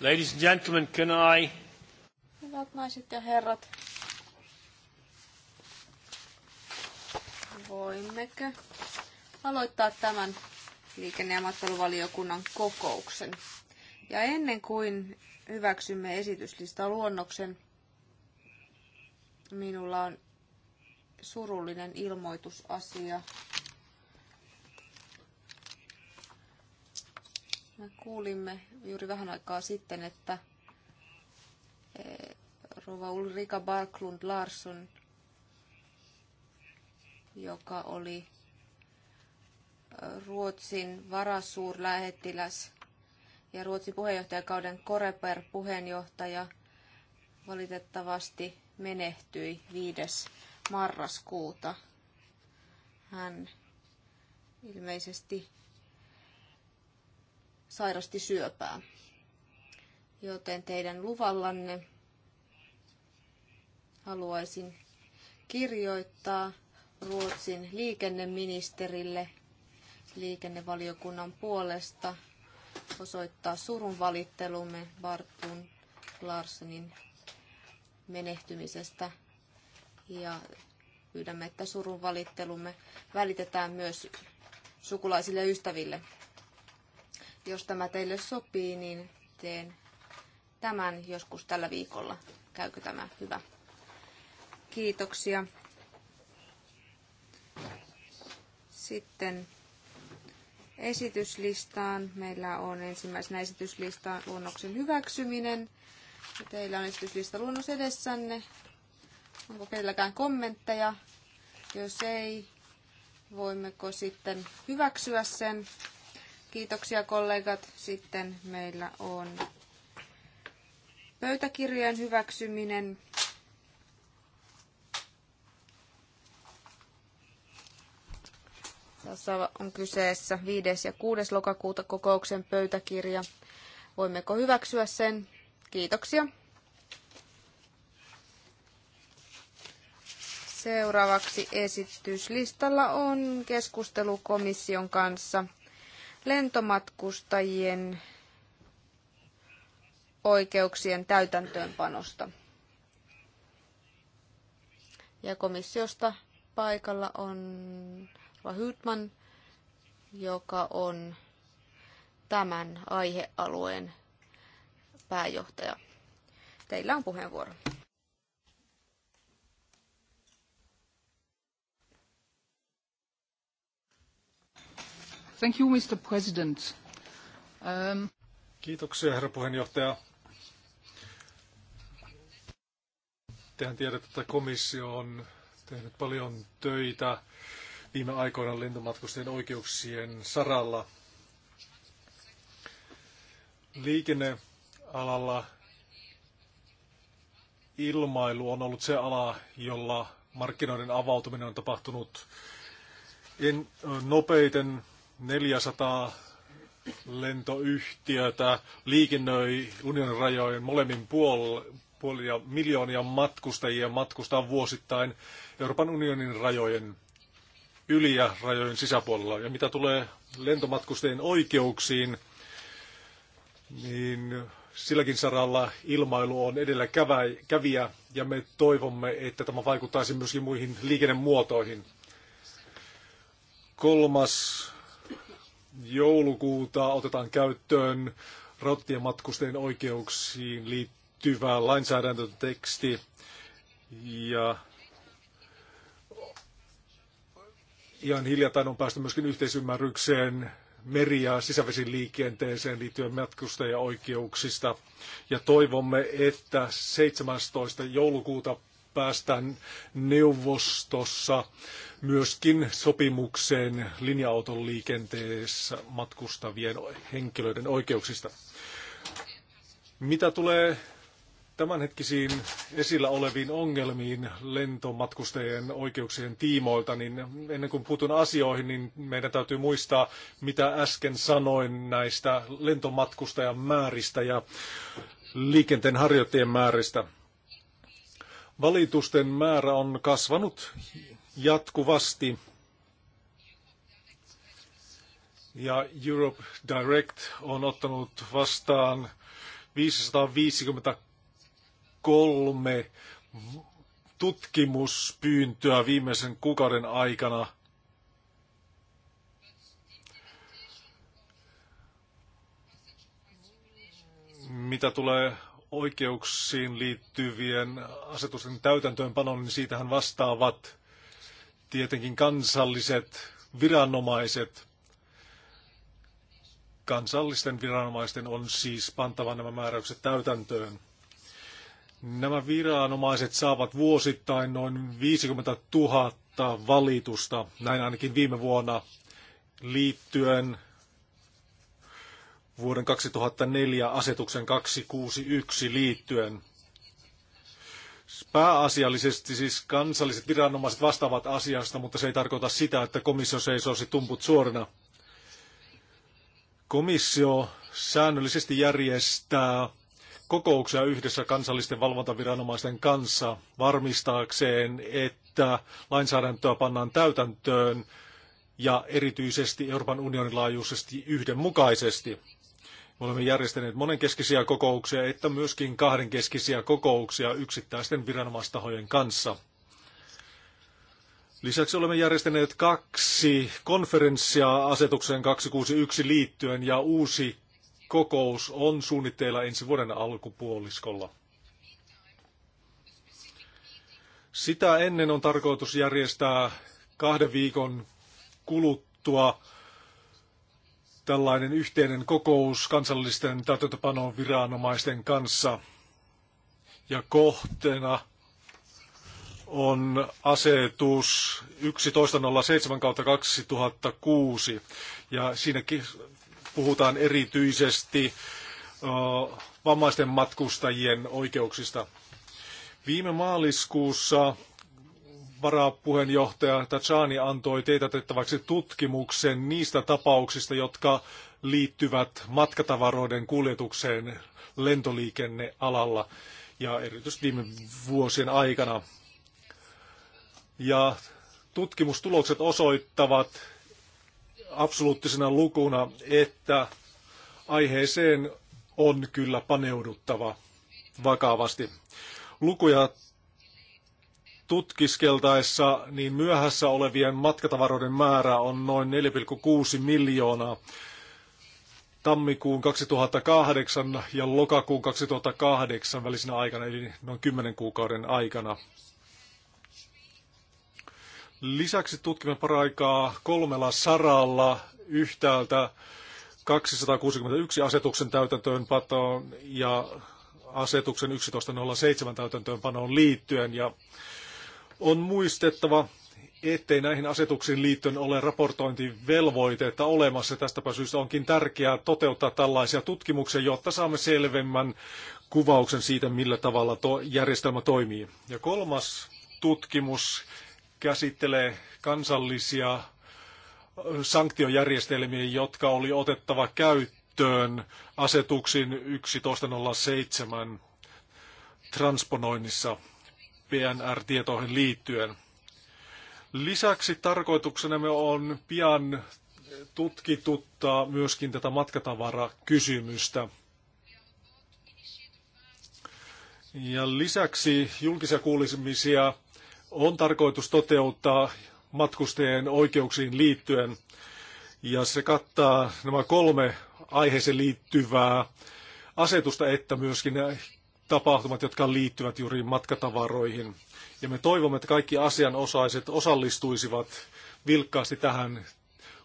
Ladies and gentlemen, can I... Hyvät naiset ja herrat. Voimmekö aloittaa tämän liikenne- ja matkailuvaliokunnan kokouksen? Ja ennen kuin hyväksymme esityslista luonnoksen, minulla on surullinen ilmoitusasia. Me kuulimme juuri vähän aikaa sitten, että e, rouva Ulrika Barklund Larsson, joka oli e, Ruotsin varasuurlähettiläs ja Ruotsin puheenjohtajakauden Koreper puheenjohtaja valitettavasti menehtyi 5. marraskuuta. Hän ilmeisesti sairasti syöpää. Joten teidän luvallanne haluaisin kirjoittaa Ruotsin liikenneministerille liikennevaliokunnan puolesta osoittaa surun valittelumme Bartun Larsenin menehtymisestä ja pyydämme, että surun valittelumme välitetään myös sukulaisille ja ystäville. Jos tämä teille sopii, niin teen tämän joskus tällä viikolla. Käykö tämä hyvä? Kiitoksia. Sitten esityslistaan. Meillä on ensimmäisenä esityslista luonnoksen hyväksyminen. Teillä on esityslista luonnos edessänne. Onko kenelläkään kommentteja? Jos ei, voimmeko sitten hyväksyä sen? Kiitoksia kollegat. Sitten meillä on pöytäkirjojen hyväksyminen. Tässä on kyseessä 5. ja 6. lokakuuta kokouksen pöytäkirja. Voimmeko hyväksyä sen? Kiitoksia. Seuraavaksi esityslistalla on keskustelu komission kanssa – lentomatkustajien oikeuksien täytäntöönpanosta. Ja komissiosta paikalla on Hydman, joka on tämän aihealueen pääjohtaja. Teillä on puheenvuoro. Thank you, Mr. President. Um... Kiitoksia, herra puheenjohtaja. Tehän tiedätte, että komissio on tehnyt paljon töitä viime aikoina lentomatkustajien oikeuksien saralla. Liikennealalla ilmailu on ollut se ala, jolla markkinoiden avautuminen on tapahtunut nopeiten 400 lentoyhtiötä liikennöi unionin rajojen molemmin puolella puolia miljoonia matkustajia matkustaa vuosittain Euroopan unionin rajojen yli ja rajojen sisäpuolella. Ja mitä tulee lentomatkustajien oikeuksiin, niin silläkin saralla ilmailu on edellä käviä ja me toivomme, että tämä vaikuttaisi myöskin muihin liikennemuotoihin. Kolmas joulukuuta otetaan käyttöön rautatiematkustien matkustajien oikeuksiin liittyvä lainsäädäntöteksti ja ihan hiljattain on päästy myöskin yhteisymmärrykseen meri- ja liikenteeseen liittyen oikeuksista Ja toivomme, että 17. joulukuuta päästään neuvostossa myöskin sopimukseen linja-auton liikenteessä matkustavien henkilöiden oikeuksista. Mitä tulee tämänhetkisiin esillä oleviin ongelmiin lentomatkustajien oikeuksien tiimoilta, niin ennen kuin puutun asioihin, niin meidän täytyy muistaa, mitä äsken sanoin näistä lentomatkustajan määristä ja liikenteen harjoittajien määristä. Valitusten määrä on kasvanut jatkuvasti. Ja Europe Direct on ottanut vastaan 553 tutkimuspyyntöä viimeisen kuukauden aikana. Mitä tulee oikeuksiin liittyvien asetusten täytäntöönpanon, niin siitähän vastaavat tietenkin kansalliset viranomaiset. Kansallisten viranomaisten on siis pantava nämä määräykset täytäntöön. Nämä viranomaiset saavat vuosittain noin 50 000 valitusta, näin ainakin viime vuonna, liittyen vuoden 2004 asetuksen 261 liittyen. Pääasiallisesti siis kansalliset viranomaiset vastaavat asiasta, mutta se ei tarkoita sitä, että komissio seisoisi tumput suorina. Komissio säännöllisesti järjestää kokouksia yhdessä kansallisten valvontaviranomaisten kanssa varmistaakseen, että lainsäädäntöä pannaan täytäntöön ja erityisesti Euroopan unionin laajuisesti yhdenmukaisesti. Me olemme järjestäneet monenkeskisiä kokouksia, että myöskin kahdenkeskisiä kokouksia yksittäisten viranomaistahojen kanssa. Lisäksi olemme järjestäneet kaksi konferenssia asetukseen 261 liittyen ja uusi kokous on suunnitteilla ensi vuoden alkupuoliskolla. Sitä ennen on tarkoitus järjestää kahden viikon kuluttua tällainen yhteinen kokous kansallisten täytäntöpanon viranomaisten kanssa. Ja kohteena on asetus 11.07.2006. kautta Ja siinäkin puhutaan erityisesti vammaisten matkustajien oikeuksista. Viime maaliskuussa varapuheenjohtaja Tajani antoi teetätettäväksi tutkimuksen niistä tapauksista, jotka liittyvät matkatavaroiden kuljetukseen lentoliikennealalla ja erityisesti viime vuosien aikana. Ja tutkimustulokset osoittavat absoluuttisena lukuna, että aiheeseen on kyllä paneuduttava vakavasti. Lukuja tutkiskeltaessa, niin myöhässä olevien matkatavaroiden määrä on noin 4,6 miljoonaa. Tammikuun 2008 ja lokakuun 2008 välisenä aikana, eli noin 10 kuukauden aikana. Lisäksi tutkimme paraikaa kolmella saralla yhtäältä 261 asetuksen täytäntöönpanoon ja asetuksen 11.07 täytäntöönpanoon liittyen. Ja on muistettava, ettei näihin asetuksiin liittyen ole raportointivelvoitetta olemassa. Tästäpä syystä onkin tärkeää toteuttaa tällaisia tutkimuksia, jotta saamme selvemmän kuvauksen siitä, millä tavalla tuo järjestelmä toimii. Ja kolmas tutkimus käsittelee kansallisia sanktiojärjestelmiä, jotka oli otettava käyttöön asetuksin 1107 transponoinnissa PNR-tietoihin liittyen. Lisäksi tarkoituksena me on pian tutkituttaa myöskin tätä matkatavarakysymystä. Ja lisäksi julkisia kuulisimisia on tarkoitus toteuttaa matkustajien oikeuksiin liittyen. Ja se kattaa nämä kolme aiheeseen liittyvää asetusta, että myöskin tapahtumat, jotka liittyvät juuri matkatavaroihin. Ja me toivomme, että kaikki asianosaiset osallistuisivat vilkkaasti tähän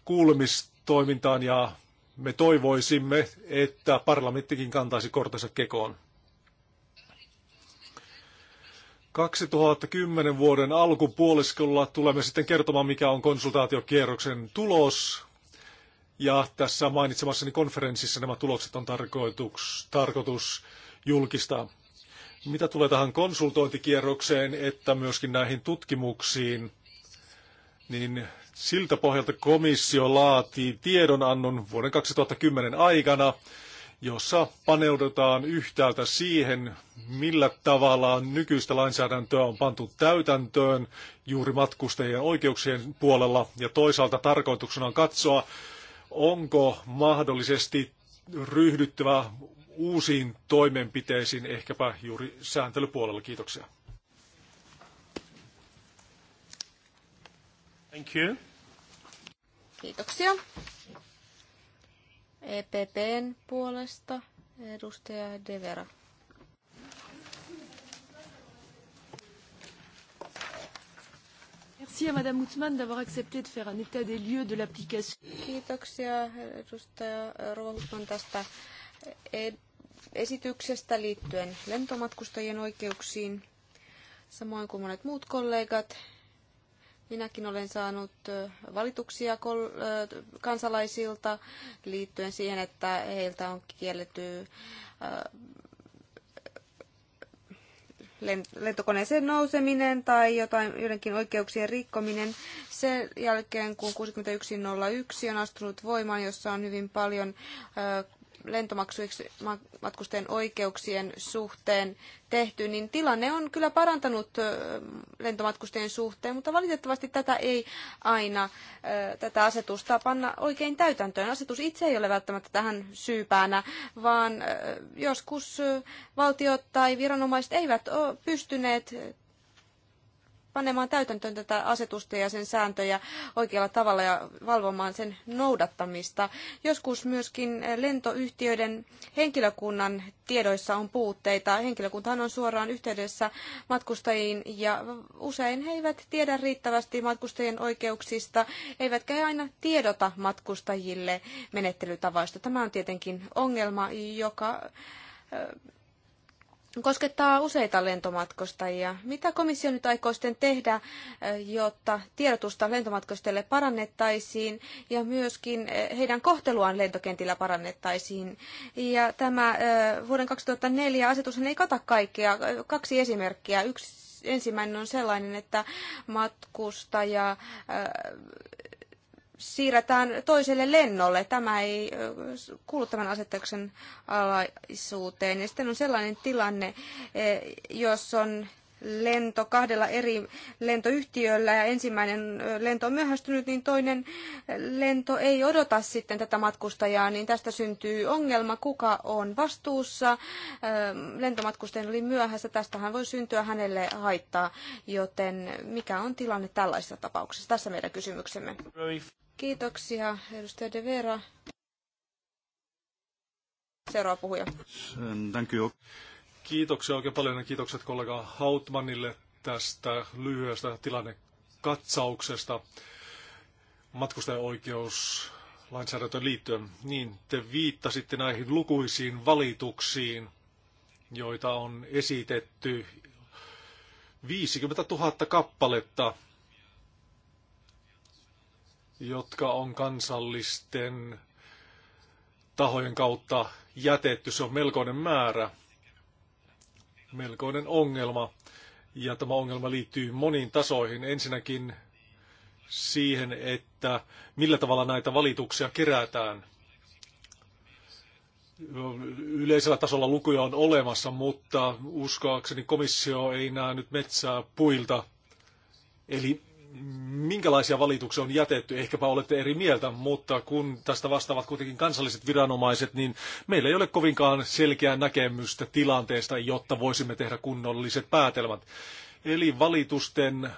kuulemistoimintaan ja me toivoisimme, että parlamenttikin kantaisi kortensa kekoon. 2010 vuoden alkupuoliskolla tulemme sitten kertomaan, mikä on konsultaatiokierroksen tulos. Ja tässä mainitsemassani konferenssissa nämä tulokset on tarkoitus, tarkoitus julkistaa. Mitä tulee tähän konsultointikierrokseen, että myöskin näihin tutkimuksiin, niin siltä pohjalta komissio laatii tiedonannon vuoden 2010 aikana, jossa paneudutaan yhtäältä siihen, millä tavalla nykyistä lainsäädäntöä on pantu täytäntöön juuri matkustajien oikeuksien puolella, ja toisaalta tarkoituksena on katsoa, onko mahdollisesti ryhdyttävä uusiin toimenpiteisiin, ehkäpä juuri sääntelypuolella. Kiitoksia. Thank you. Kiitoksia. EPPn puolesta edustaja Devera. Merci à Madame Outman d'avoir accepté de faire un état des lieux de l'application. Kiitoksia edustaja Rouva tästä esityksestä liittyen lentomatkustajien oikeuksiin, samoin kuin monet muut kollegat. Minäkin olen saanut valituksia kansalaisilta liittyen siihen, että heiltä on kielletty lentokoneeseen nouseminen tai jotain joidenkin oikeuksien rikkominen sen jälkeen, kun 6101 on astunut voimaan, jossa on hyvin paljon Lentomaksujen matkustajien oikeuksien suhteen tehty, niin tilanne on kyllä parantanut lentomatkustajien suhteen, mutta valitettavasti tätä ei aina, tätä asetusta panna oikein täytäntöön. Asetus itse ei ole välttämättä tähän syypäänä, vaan joskus valtiot tai viranomaiset eivät ole pystyneet panemaan täytäntöön tätä asetusta ja sen sääntöjä oikealla tavalla ja valvomaan sen noudattamista. Joskus myöskin lentoyhtiöiden henkilökunnan tiedoissa on puutteita. Henkilökuntahan on suoraan yhteydessä matkustajiin ja usein he eivät tiedä riittävästi matkustajien oikeuksista, eivätkä he aina tiedota matkustajille menettelytavoista. Tämä on tietenkin ongelma, joka koskettaa useita lentomatkustajia. Mitä komissio nyt aikoo sitten tehdä, jotta tiedotusta lentomatkustajille parannettaisiin ja myöskin heidän kohteluaan lentokentillä parannettaisiin? Ja tämä vuoden 2004 asetus ei kata kaikkea. Kaksi esimerkkiä. Yksi ensimmäinen on sellainen, että matkustaja siirretään toiselle lennolle. Tämä ei kuulu tämän asetuksen alaisuuteen. Ja sitten on sellainen tilanne, e, jos on lento kahdella eri lentoyhtiöllä ja ensimmäinen lento on myöhästynyt, niin toinen lento ei odota sitten tätä matkustajaa, niin tästä syntyy ongelma, kuka on vastuussa. Lentomatkustajan oli myöhässä, tästähän voi syntyä hänelle haittaa, joten mikä on tilanne tällaisissa tapauksissa? Tässä meidän kysymyksemme. Kiitoksia, edustaja De Vera. Seuraava puhuja. Kiitoksia oikein paljon ja kiitokset kollega Hautmanille tästä lyhyestä tilannekatsauksesta matkustajaoikeus lainsäädäntöön liittyen. Niin, te viittasitte näihin lukuisiin valituksiin, joita on esitetty 50 000 kappaletta jotka on kansallisten tahojen kautta jätetty. Se on melkoinen määrä, melkoinen ongelma. Ja tämä ongelma liittyy moniin tasoihin. Ensinnäkin siihen, että millä tavalla näitä valituksia kerätään. Yleisellä tasolla lukuja on olemassa, mutta uskoakseni komissio ei näe nyt metsää puilta. Eli minkälaisia valituksia on jätetty. Ehkäpä olette eri mieltä, mutta kun tästä vastaavat kuitenkin kansalliset viranomaiset, niin meillä ei ole kovinkaan selkeää näkemystä tilanteesta, jotta voisimme tehdä kunnolliset päätelmät. Eli valitusten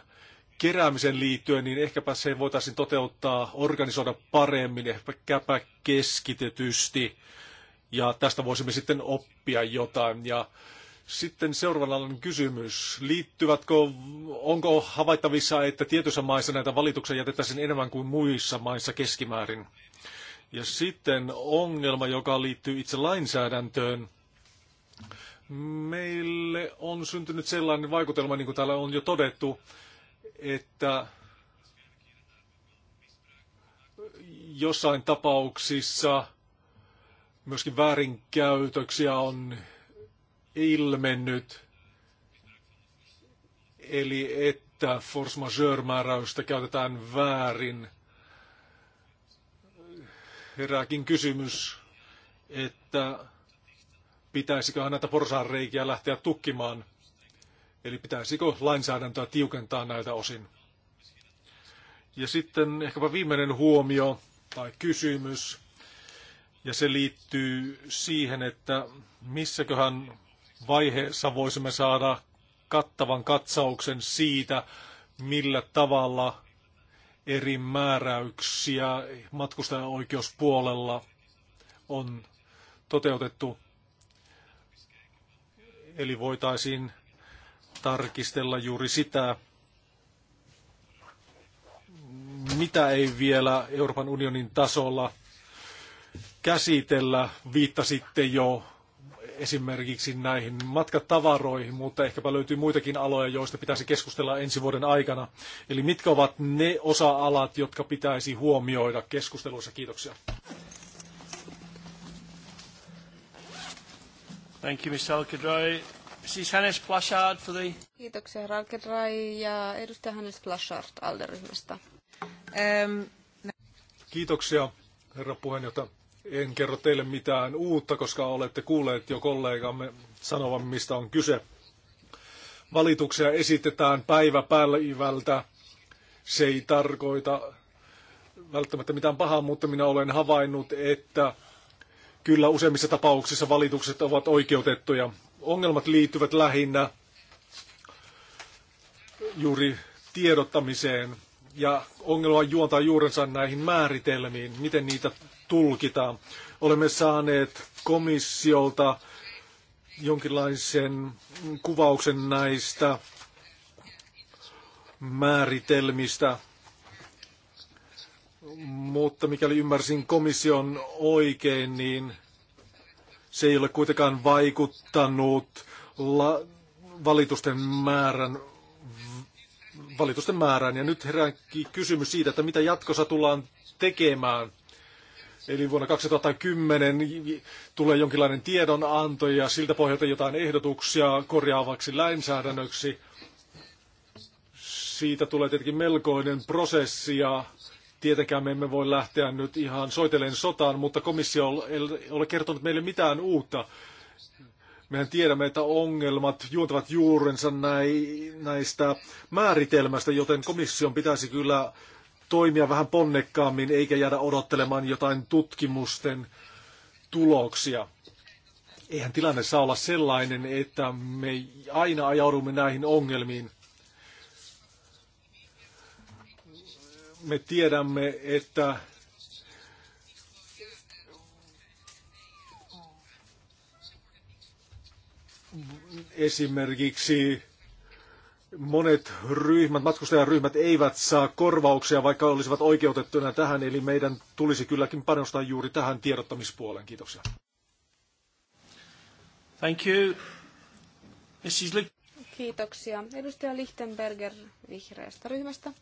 keräämisen liittyen, niin ehkäpä se voitaisiin toteuttaa, organisoida paremmin, ehkäpä keskitetysti. Ja tästä voisimme sitten oppia jotain. Ja sitten seuraavalla kysymys. Liittyvätkö, onko havaittavissa, että tietyissä maissa näitä valituksia jätettäisiin enemmän kuin muissa maissa keskimäärin? Ja sitten ongelma, joka liittyy itse lainsäädäntöön. Meille on syntynyt sellainen vaikutelma, niin kuin täällä on jo todettu, että jossain tapauksissa myöskin väärinkäytöksiä on ilmennyt, eli että force majeure-määräystä käytetään väärin. Herääkin kysymys, että pitäisiköhän näitä porsaanreikiä lähteä tukkimaan, eli pitäisikö lainsäädäntöä tiukentaa näiltä osin. Ja sitten ehkäpä viimeinen huomio tai kysymys, ja se liittyy siihen, että missäköhän vaiheessa voisimme saada kattavan katsauksen siitä, millä tavalla eri määräyksiä matkustajan oikeuspuolella on toteutettu. Eli voitaisiin tarkistella juuri sitä, mitä ei vielä Euroopan unionin tasolla käsitellä. Viittasitte jo esimerkiksi näihin matkatavaroihin, mutta ehkäpä löytyy muitakin aloja, joista pitäisi keskustella ensi vuoden aikana. Eli mitkä ovat ne osa-alat, jotka pitäisi huomioida keskusteluissa? Kiitoksia. Thank you, Mr. Alcadray. Siis Hannes Plashard for the... Kiitoksia, herra Alcadray ja edustaja Hannes Plashard Alderyhmästä. Um... Kiitoksia, herra puheenjohtaja. En kerro teille mitään uutta, koska olette kuulleet jo kollegamme sanovan, mistä on kyse. Valituksia esitetään päivä päivältä. Se ei tarkoita välttämättä mitään pahaa, mutta minä olen havainnut, että kyllä useimmissa tapauksissa valitukset ovat oikeutettuja. Ongelmat liittyvät lähinnä juuri tiedottamiseen ja ongelma juontaa juurensa näihin määritelmiin, miten niitä tulkita. Olemme saaneet komissiolta jonkinlaisen kuvauksen näistä määritelmistä, mutta mikäli ymmärsin komission oikein, niin se ei ole kuitenkaan vaikuttanut valitusten määrän valitusten määrään. Ja nyt herääkin kysymys siitä, että mitä jatkossa tullaan tekemään – Eli vuonna 2010 tulee jonkinlainen tiedonanto ja siltä pohjalta jotain ehdotuksia korjaavaksi lainsäädännöksi. Siitä tulee tietenkin melkoinen prosessi ja tietenkään me emme voi lähteä nyt ihan soitellen sotaan, mutta komissio ei ole kertonut meille mitään uutta. Mehän tiedämme, että ongelmat juontavat juurensa näistä määritelmästä, joten komission pitäisi kyllä toimia vähän ponnekkaammin eikä jäädä odottelemaan jotain tutkimusten tuloksia. Eihän tilanne saa olla sellainen, että me aina ajaudumme näihin ongelmiin. Me tiedämme, että esimerkiksi monet ryhmät, matkustajaryhmät eivät saa korvauksia, vaikka olisivat oikeutettuna tähän, eli meidän tulisi kylläkin panostaa juuri tähän tiedottamispuoleen. Kiitoksia. Thank you. Mrs. Kiitoksia. Edustaja Lichtenberger vihreästä ryhmästä.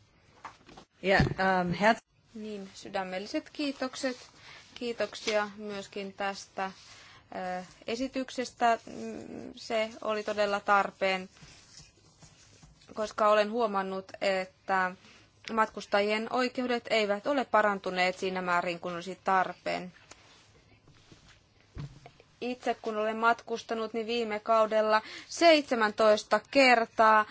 Yeah, um, niin, sydämelliset kiitokset. Kiitoksia myöskin tästä äh, esityksestä. Mm, se oli todella tarpeen koska olen huomannut, että matkustajien oikeudet eivät ole parantuneet siinä määrin kuin olisi tarpeen. Itse kun olen matkustanut, niin viime kaudella 17 kertaa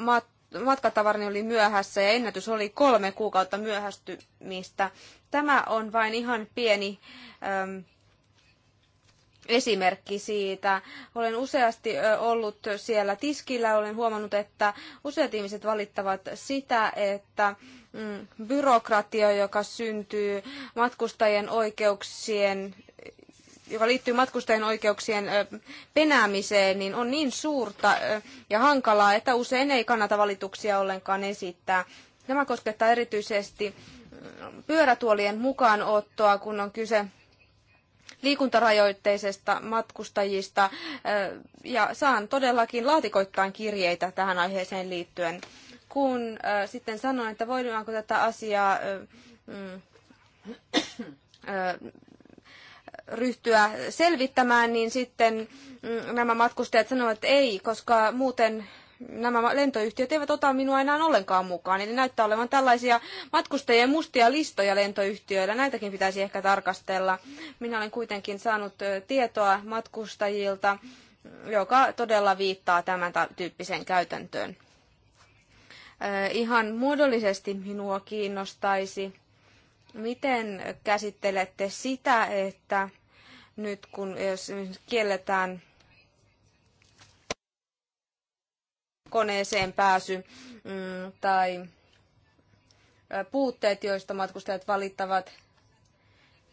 mat- matkatavarani oli myöhässä ja ennätys oli kolme kuukautta myöhästymistä. Tämä on vain ihan pieni esimerkki siitä. Olen useasti ollut siellä tiskillä, olen huomannut, että useat ihmiset valittavat sitä, että mm, byrokratia, joka syntyy matkustajien oikeuksien joka liittyy matkustajien oikeuksien penäämiseen, niin on niin suurta ja hankalaa, että usein ei kannata valituksia ollenkaan esittää. Tämä koskettaa erityisesti mm, pyörätuolien mukaanottoa, kun on kyse liikuntarajoitteisesta matkustajista ja saan todellakin laatikoittain kirjeitä tähän aiheeseen liittyen. Kun sitten sanoin, että voidaanko tätä asiaa mm, ryhtyä selvittämään, niin sitten mm, nämä matkustajat sanovat, että ei, koska muuten nämä lentoyhtiöt eivät ota minua enää ollenkaan mukaan. Eli näyttää olevan tällaisia matkustajien mustia listoja lentoyhtiöillä. Näitäkin pitäisi ehkä tarkastella. Minä olen kuitenkin saanut tietoa matkustajilta, joka todella viittaa tämän tyyppiseen käytäntöön. Ihan muodollisesti minua kiinnostaisi, miten käsittelette sitä, että nyt kun jos kielletään koneeseen pääsy mm, tai puutteet, joista matkustajat valittavat.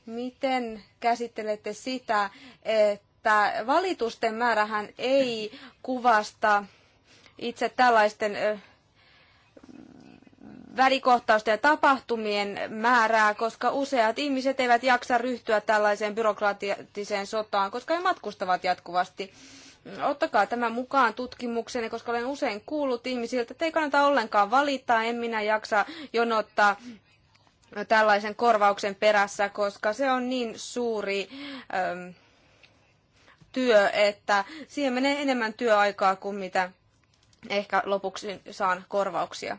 Miten käsittelette sitä, että valitusten määrähän ei kuvasta itse tällaisten välikohtausten ja tapahtumien määrää, koska useat ihmiset eivät jaksa ryhtyä tällaiseen byrokraattiseen sotaan, koska he matkustavat jatkuvasti. Ottakaa tämä mukaan tutkimukseen, koska olen usein kuullut ihmisiltä, että ei kannata ollenkaan valittaa, en minä jaksa jonottaa tällaisen korvauksen perässä, koska se on niin suuri äm, työ, että siihen menee enemmän työaikaa kuin mitä ehkä lopuksi saan korvauksia.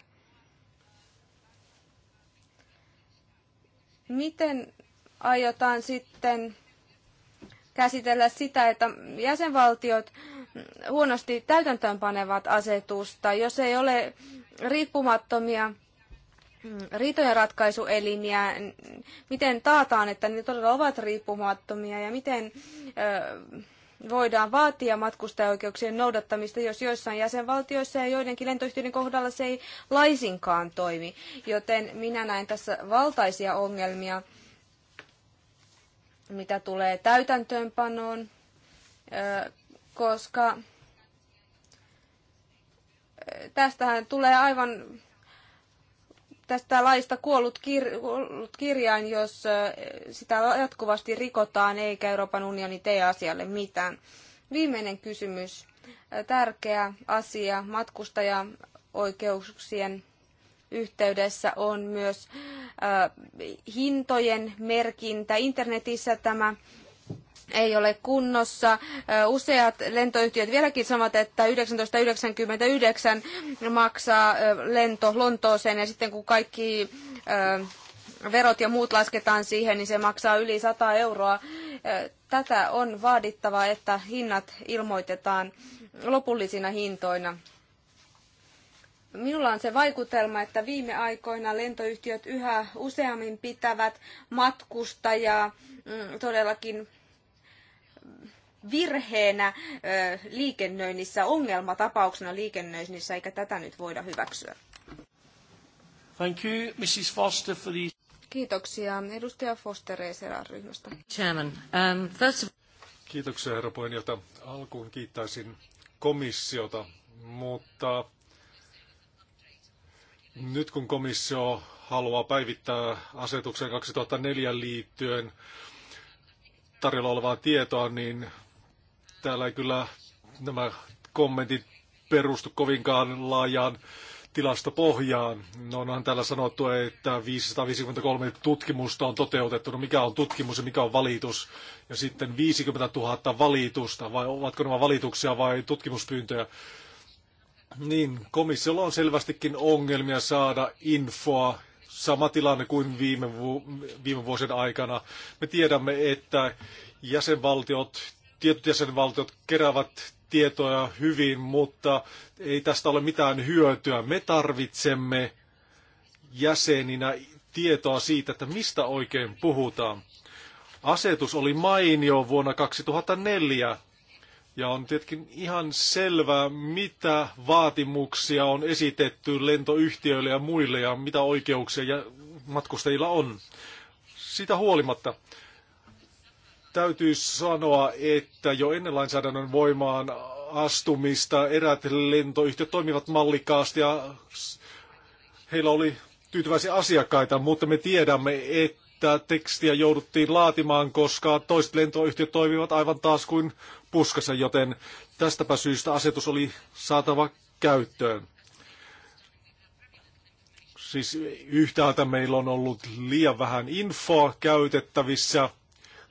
Miten aiotaan sitten käsitellä sitä, että jäsenvaltiot huonosti täytäntöönpanevat asetusta, jos ei ole riippumattomia riitojen ratkaisuelimiä, miten taataan, että ne todella ovat riippumattomia ja miten voidaan vaatia matkustajaoikeuksien noudattamista, jos joissain jäsenvaltioissa ja joidenkin lentoyhtiöiden kohdalla se ei laisinkaan toimi. Joten minä näen tässä valtaisia ongelmia mitä tulee täytäntöönpanoon, koska tästähän tulee aivan tästä laista kuollut, kir- kuollut kirjain, jos sitä jatkuvasti rikotaan eikä Euroopan unioni tee asialle mitään. Viimeinen kysymys, tärkeä asia matkustajaoikeuksien yhteydessä on myös äh, hintojen merkintä. Internetissä tämä ei ole kunnossa. Äh, useat lentoyhtiöt vieläkin sanovat, että 1999 maksaa äh, lento Lontooseen ja sitten kun kaikki verot ja muut lasketaan siihen, niin se maksaa yli 100 euroa. Tätä on vaadittava, että hinnat ilmoitetaan lopullisina hintoina. Minulla on se vaikutelma, että viime aikoina lentoyhtiöt yhä useammin pitävät matkustajaa mm, todellakin virheenä liikennöinnissä, ongelmatapauksena liikennöinnissä, eikä tätä nyt voida hyväksyä. Thank you, Mrs. Foster, for the... Kiitoksia. Edustaja Foster ECR-ryhmästä. E Chairman, um, first... Kiitoksia, herra puheenjohtaja. Alkuun kiittäisin komissiota, mutta nyt kun komissio haluaa päivittää asetukseen 2004 liittyen tarjolla olevaa tietoa, niin täällä ei kyllä nämä kommentit perustu kovinkaan laajaan tilastopohjaan. No onhan täällä sanottu, että 553 tutkimusta on toteutettu. No mikä on tutkimus ja mikä on valitus? Ja sitten 50 000 valitusta. Vai ovatko nämä valituksia vai tutkimuspyyntöjä? Niin, komissiolla on selvästikin ongelmia saada infoa. Sama tilanne kuin viime, vu- viime vuosien aikana. Me tiedämme, että jäsenvaltiot, tietyt jäsenvaltiot keräävät tietoja hyvin, mutta ei tästä ole mitään hyötyä. Me tarvitsemme jäseninä tietoa siitä, että mistä oikein puhutaan. Asetus oli mainio vuonna 2004. Ja on tietenkin ihan selvää, mitä vaatimuksia on esitetty lentoyhtiöille ja muille ja mitä oikeuksia ja matkustajilla on. Sitä huolimatta täytyy sanoa, että jo ennen lainsäädännön voimaan astumista erät lentoyhtiöt toimivat mallikkaasti ja heillä oli tyytyväisiä asiakkaita, mutta me tiedämme, että tätä tekstiä jouduttiin laatimaan, koska toiset lentoyhtiöt toimivat aivan taas kuin puskassa, joten tästäpä syystä asetus oli saatava käyttöön. Siis yhtäältä meillä on ollut liian vähän infoa käytettävissä.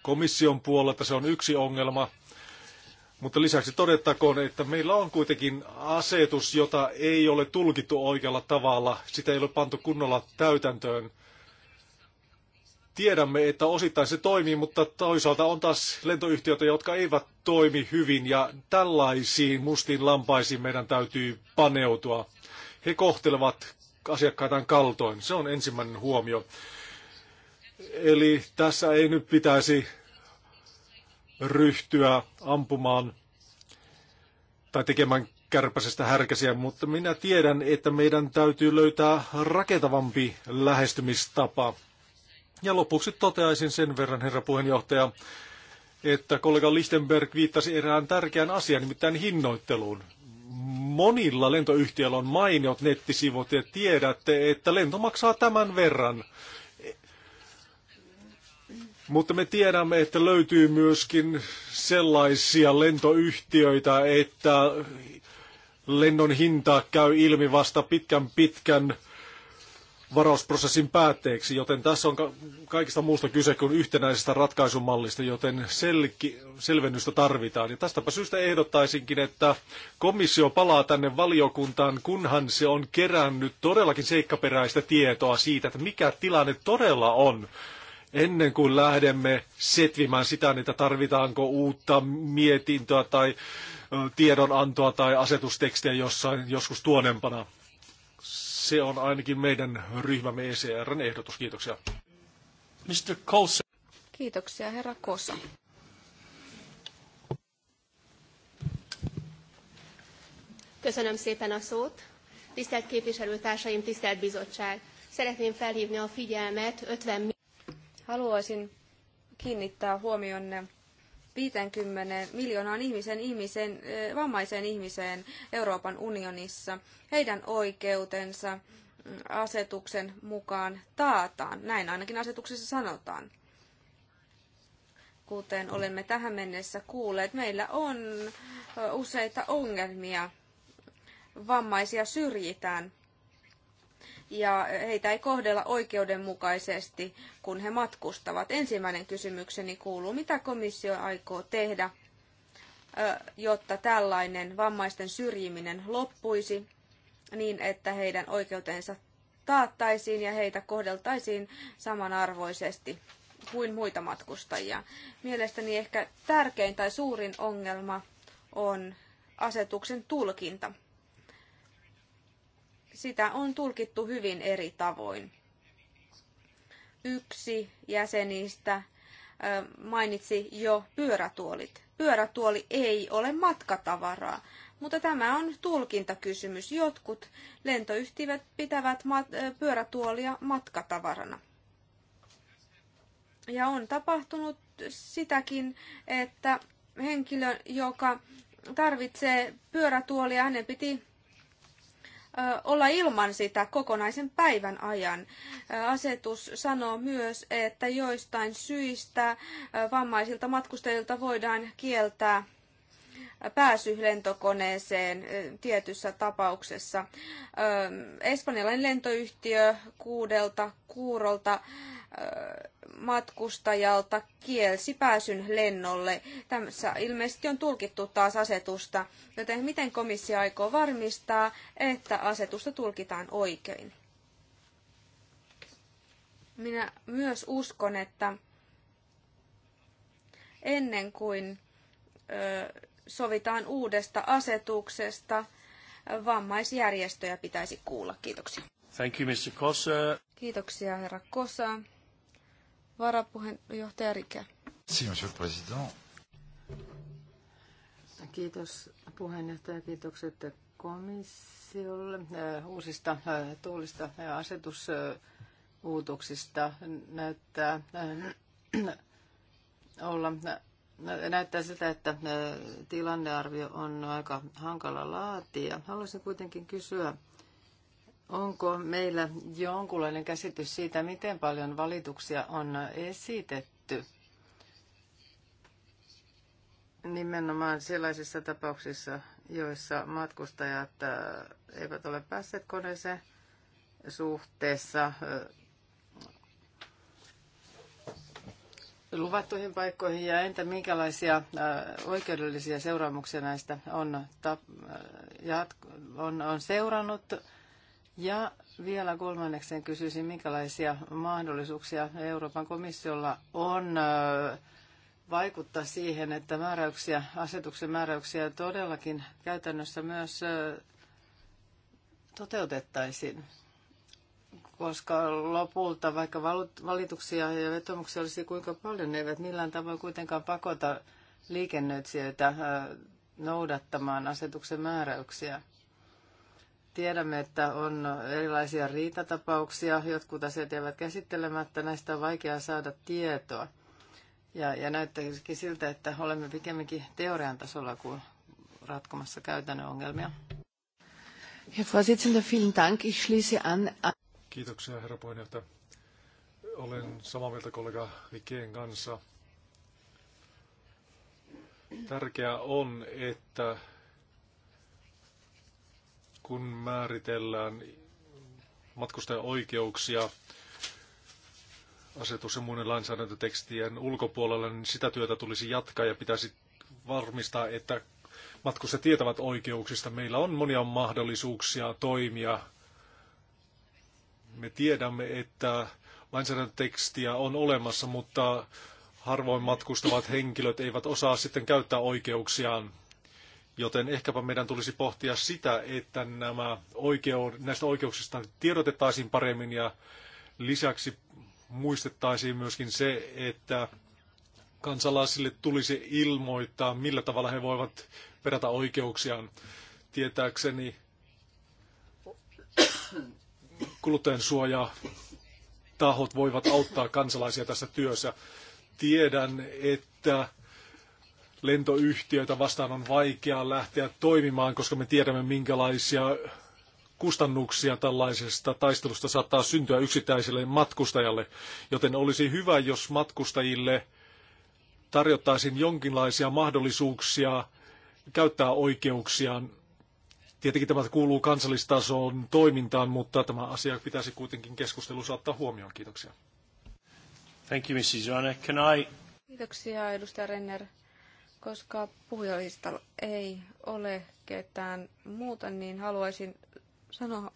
Komission puolelta se on yksi ongelma. Mutta lisäksi todettakoon, että meillä on kuitenkin asetus, jota ei ole tulkittu oikealla tavalla. Sitä ei ole pantu kunnolla täytäntöön tiedämme, että osittain se toimii, mutta toisaalta on taas lentoyhtiöitä, jotka eivät toimi hyvin ja tällaisiin mustiin lampaisiin meidän täytyy paneutua. He kohtelevat asiakkaitaan kaltoin. Se on ensimmäinen huomio. Eli tässä ei nyt pitäisi ryhtyä ampumaan tai tekemään kärpäsestä härkäsiä, mutta minä tiedän, että meidän täytyy löytää rakentavampi lähestymistapa. Ja lopuksi toteaisin sen verran, herra puheenjohtaja, että kollega Lichtenberg viittasi erään tärkeän asian, nimittäin hinnoitteluun. Monilla lentoyhtiöillä on mainiot nettisivut ja tiedätte, että lento maksaa tämän verran. Mutta me tiedämme, että löytyy myöskin sellaisia lentoyhtiöitä, että lennon hinta käy ilmi vasta pitkän pitkän varausprosessin päätteeksi, joten tässä on kaikista muusta kyse kuin yhtenäisestä ratkaisumallista, joten selki, selvennystä tarvitaan. Ja tästäpä syystä ehdottaisinkin, että komissio palaa tänne valiokuntaan, kunhan se on kerännyt todellakin seikkaperäistä tietoa siitä, että mikä tilanne todella on ennen kuin lähdemme setvimään sitä, että tarvitaanko uutta mietintöä tai tiedonantoa tai asetustekstiä jossain joskus tuonempana. Se on ainakin meidän ryhmämme ECRn ehdotus. Kiitoksia. Mr. Kosa. Kiitoksia, herra Kosa. Köszönöm szépen a szót. Tisztelt képviselőtársaim, tisztelt bizottság! Szeretném felhívni a figyelmet 50 Haluaisin kiinnittää huomionne 50 miljoonaan ihmisen, ihmisen, vammaiseen ihmiseen Euroopan unionissa. Heidän oikeutensa mm, asetuksen mukaan taataan. Näin ainakin asetuksessa sanotaan. Kuten olemme tähän mennessä kuulleet, meillä on useita ongelmia. Vammaisia syrjitään ja heitä ei kohdella oikeudenmukaisesti, kun he matkustavat. Ensimmäinen kysymykseni kuuluu, mitä komissio aikoo tehdä, jotta tällainen vammaisten syrjiminen loppuisi niin, että heidän oikeutensa taattaisiin ja heitä kohdeltaisiin samanarvoisesti kuin muita matkustajia. Mielestäni ehkä tärkein tai suurin ongelma on asetuksen tulkinta sitä on tulkittu hyvin eri tavoin. Yksi jäsenistä mainitsi jo pyörätuolit. Pyörätuoli ei ole matkatavaraa, mutta tämä on tulkintakysymys. Jotkut lentoyhtiöt pitävät pyörätuolia matkatavarana. Ja on tapahtunut sitäkin, että henkilö, joka tarvitsee pyörätuolia, hänen piti olla ilman sitä kokonaisen päivän ajan. Asetus sanoo myös, että joistain syistä vammaisilta matkustajilta voidaan kieltää pääsy lentokoneeseen tietyssä tapauksessa. Espanjalainen lentoyhtiö kuudelta kuurolta matkustajalta kielsi pääsyn lennolle. Tässä ilmeisesti on tulkittu taas asetusta, joten miten komissio aikoo varmistaa, että asetusta tulkitaan oikein? Minä myös uskon, että ennen kuin sovitaan uudesta asetuksesta, vammaisjärjestöjä pitäisi kuulla. Kiitoksia. Thank you, Mr. Kosa. Kiitoksia, herra Kosa varapuheenjohtaja Rike. Si, monsieur président. Kiitos puheenjohtaja, kiitokset komissiolle äh, uusista äh, tuulista ja äh, asetusuutoksista Näyttää olla näyttää siltä, että tilannearvio on aika hankala laatia. Haluaisin kuitenkin kysyä Onko meillä jonkunlainen käsitys siitä, miten paljon valituksia on esitetty? Nimenomaan sellaisissa tapauksissa, joissa matkustajat äh, eivät ole päässeet koneeseen suhteessa äh, luvattuihin paikkoihin ja entä minkälaisia äh, oikeudellisia seuraamuksia näistä on, on, on seurannut? Ja vielä kolmanneksi kysyisin, minkälaisia mahdollisuuksia Euroopan komissiolla on vaikuttaa siihen, että määräyksiä, asetuksen määräyksiä todellakin käytännössä myös toteutettaisiin. Koska lopulta, vaikka valituksia ja vetomuksia olisi kuinka paljon, ne eivät millään tavoin kuitenkaan pakota liikennöitsijöitä noudattamaan asetuksen määräyksiä. Tiedämme, että on erilaisia riitatapauksia, jotkut asiat jäävät käsittelemättä, näistä on vaikea saada tietoa. Ja, ja näyttääkin siltä, että olemme pikemminkin teorian tasolla kuin ratkomassa käytännön ongelmia. Herr Vorsitzender, vielen Dank. Ich schließe an. Kiitoksia, herra puheenjohtaja. Olen samaa mieltä kollega Rikeen kanssa. Tärkeää on, että kun määritellään matkustajan oikeuksia asetus- ja muiden lainsäädäntötekstien ulkopuolella, niin sitä työtä tulisi jatkaa ja pitäisi varmistaa, että matkustajat tietävät oikeuksista. Meillä on monia mahdollisuuksia toimia. Me tiedämme, että lainsäädäntötekstiä on olemassa, mutta harvoin matkustavat henkilöt eivät osaa sitten käyttää oikeuksiaan. Joten ehkäpä meidän tulisi pohtia sitä, että nämä oikeu- näistä oikeuksista tiedotettaisiin paremmin ja lisäksi muistettaisiin myöskin se, että kansalaisille tulisi ilmoittaa, millä tavalla he voivat perätä oikeuksiaan. Tietääkseni suoja tahot voivat auttaa kansalaisia tässä työssä. Tiedän, että lentoyhtiöitä vastaan on vaikea lähteä toimimaan, koska me tiedämme minkälaisia kustannuksia tällaisesta taistelusta saattaa syntyä yksittäiselle matkustajalle, joten olisi hyvä, jos matkustajille tarjottaisiin jonkinlaisia mahdollisuuksia käyttää oikeuksiaan. Tietenkin tämä kuuluu kansallistason toimintaan, mutta tämä asia pitäisi kuitenkin keskustelussa ottaa huomioon. Kiitoksia. Thank you, Mrs. Can I... Kiitoksia, edustaja Renner. Koska puhujalistalla ei ole ketään muuta, niin haluaisin sanoa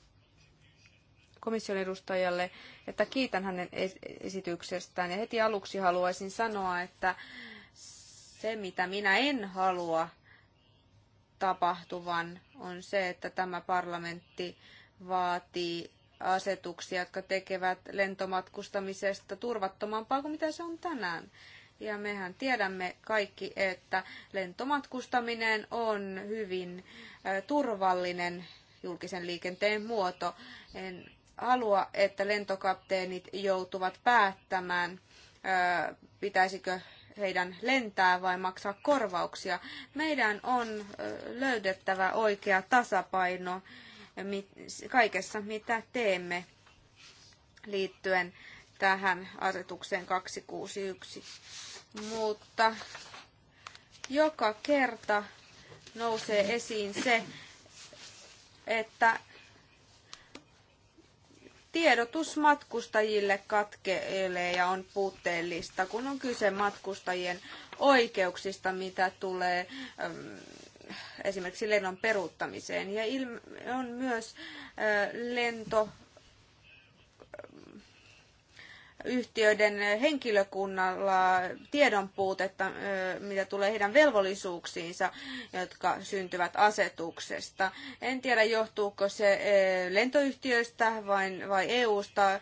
komission edustajalle, että kiitän hänen esityksestään. Ja heti aluksi haluaisin sanoa, että se mitä minä en halua tapahtuvan on se, että tämä parlamentti vaatii asetuksia, jotka tekevät lentomatkustamisesta turvattomampaa kuin mitä se on tänään. Ja mehän tiedämme kaikki, että lentomatkustaminen on hyvin turvallinen julkisen liikenteen muoto. En halua, että lentokapteenit joutuvat päättämään, pitäisikö heidän lentää vai maksaa korvauksia. Meidän on löydettävä oikea tasapaino kaikessa, mitä teemme liittyen tähän asetukseen 261 mutta joka kerta nousee esiin se, että tiedotus matkustajille katkelee ja on puutteellista, kun on kyse matkustajien oikeuksista, mitä tulee esimerkiksi lennon peruuttamiseen. Ja on myös lento yhtiöiden henkilökunnalla tiedon mitä tulee heidän velvollisuuksiinsa, jotka syntyvät asetuksesta. En tiedä, johtuuko se lentoyhtiöistä vai, vai e EU-sta,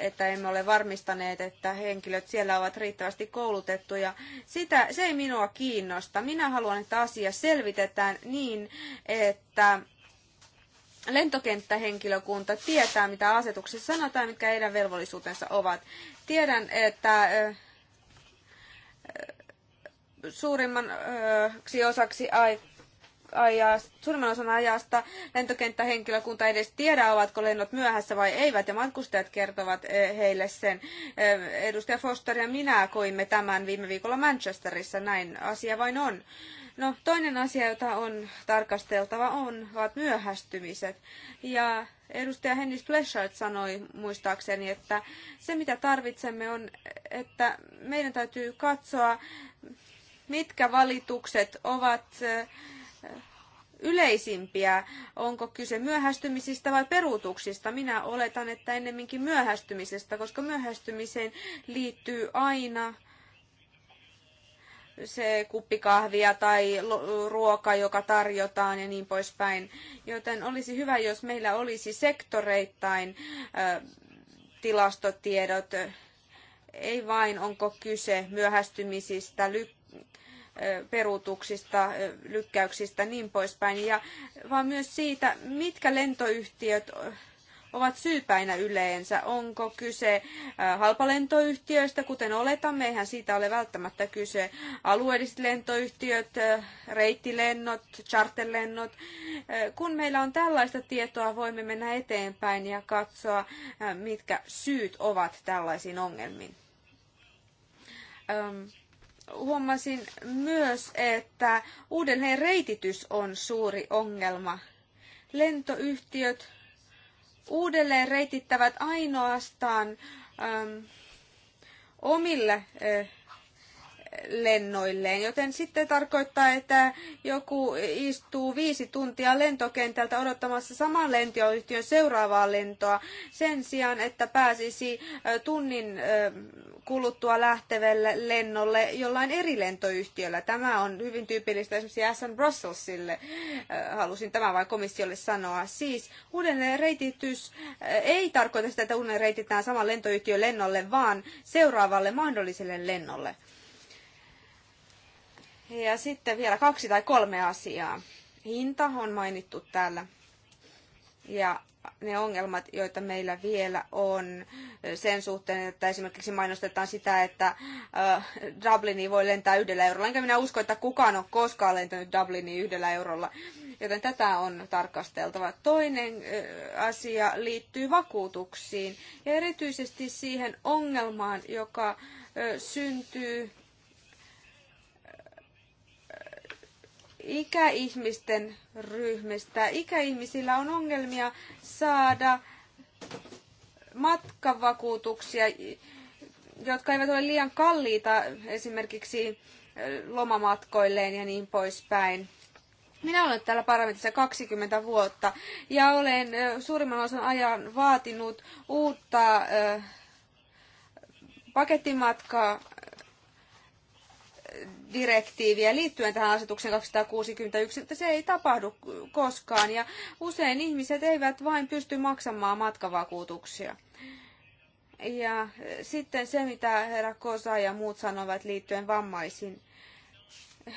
että emme ole varmistaneet, että henkilöt siellä ovat riittävästi koulutettuja. Sitä, se ei minua kiinnosta. Minä haluan, että asia selvitetään niin, että lentokenttähenkilökunta tietää, mitä asetuksessa sanotaan, mitkä heidän velvollisuutensa ovat. Tiedän, että suurimman osaksi aikaa suurimman osan ajasta lentokenttähenkilökunta edes tiedä, ovatko lennot myöhässä vai eivät, ja matkustajat kertovat eh, heille sen. Eh, edustaja Foster ja minä koimme tämän viime viikolla Manchesterissa, näin asia vain on. No, toinen asia, jota on tarkasteltava, on, ovat myöhästymiset. Ja edustaja Hennis Fleshard sanoi muistaakseni, että se mitä tarvitsemme on, että meidän täytyy katsoa, mitkä valitukset ovat eh, yleisimpiä. Onko kyse myöhästymisistä vai peruutuksista? Minä oletan, että ennemminkin myöhästymisestä, koska myöhästymiseen liittyy aina se kuppikahvia tai ruoka, joka tarjotaan ja niin poispäin. Joten olisi hyvä, jos meillä olisi sektoreittain tilastotiedot, ei vain onko kyse myöhästymisistä, lykkäyksistä, peruutuksista, lykkäyksistä niin poispäin, ja, vaan myös siitä, mitkä lentoyhtiöt ovat syypäinä yleensä. Onko kyse halpalentoyhtiöistä, kuten oletamme, eihän siitä ole välttämättä kyse. Alueelliset lentoyhtiöt, reittilennot, charterlennot. Kun meillä on tällaista tietoa, voimme mennä eteenpäin ja katsoa, mitkä syyt ovat tällaisiin ongelmiin huomasin myös, että uudelleen reititys on suuri ongelma. Lentoyhtiöt uudelleen reitittävät ainoastaan äm, omille äh, lennoilleen. Joten sitten tarkoittaa, että joku istuu viisi tuntia lentokentältä odottamassa saman lentoyhtiön seuraavaa lentoa sen sijaan, että pääsisi tunnin kuluttua lähtevälle lennolle jollain eri lentoyhtiöllä. Tämä on hyvin tyypillistä esimerkiksi SN Brusselsille, halusin tämä vain komissiolle sanoa. Siis uudelleen reititys ei tarkoita sitä, että uudelleen reititään saman lentoyhtiön lennolle, vaan seuraavalle mahdolliselle lennolle. Ja sitten vielä kaksi tai kolme asiaa. Hinta on mainittu täällä. Ja ne ongelmat, joita meillä vielä on sen suhteen, että esimerkiksi mainostetaan sitä, että äh, Dubliniin voi lentää yhdellä eurolla. Enkä minä usko, että kukaan on koskaan lentänyt Dubliniin yhdellä eurolla. Joten tätä on tarkasteltava. Toinen äh, asia liittyy vakuutuksiin ja erityisesti siihen ongelmaan, joka äh, syntyy ikäihmisten ryhmistä. Ikäihmisillä on ongelmia saada matkavakuutuksia, jotka eivät ole liian kalliita esimerkiksi lomamatkoilleen ja niin poispäin. Minä olen täällä parlamentissa 20 vuotta ja olen suurimman osan ajan vaatinut uutta pakettimatkaa direktiiviä liittyen tähän asetukseen 261, että se ei tapahdu koskaan ja usein ihmiset eivät vain pysty maksamaan matkavakuutuksia. Ja sitten se, mitä herra Kosa ja muut sanovat liittyen vammaisiin.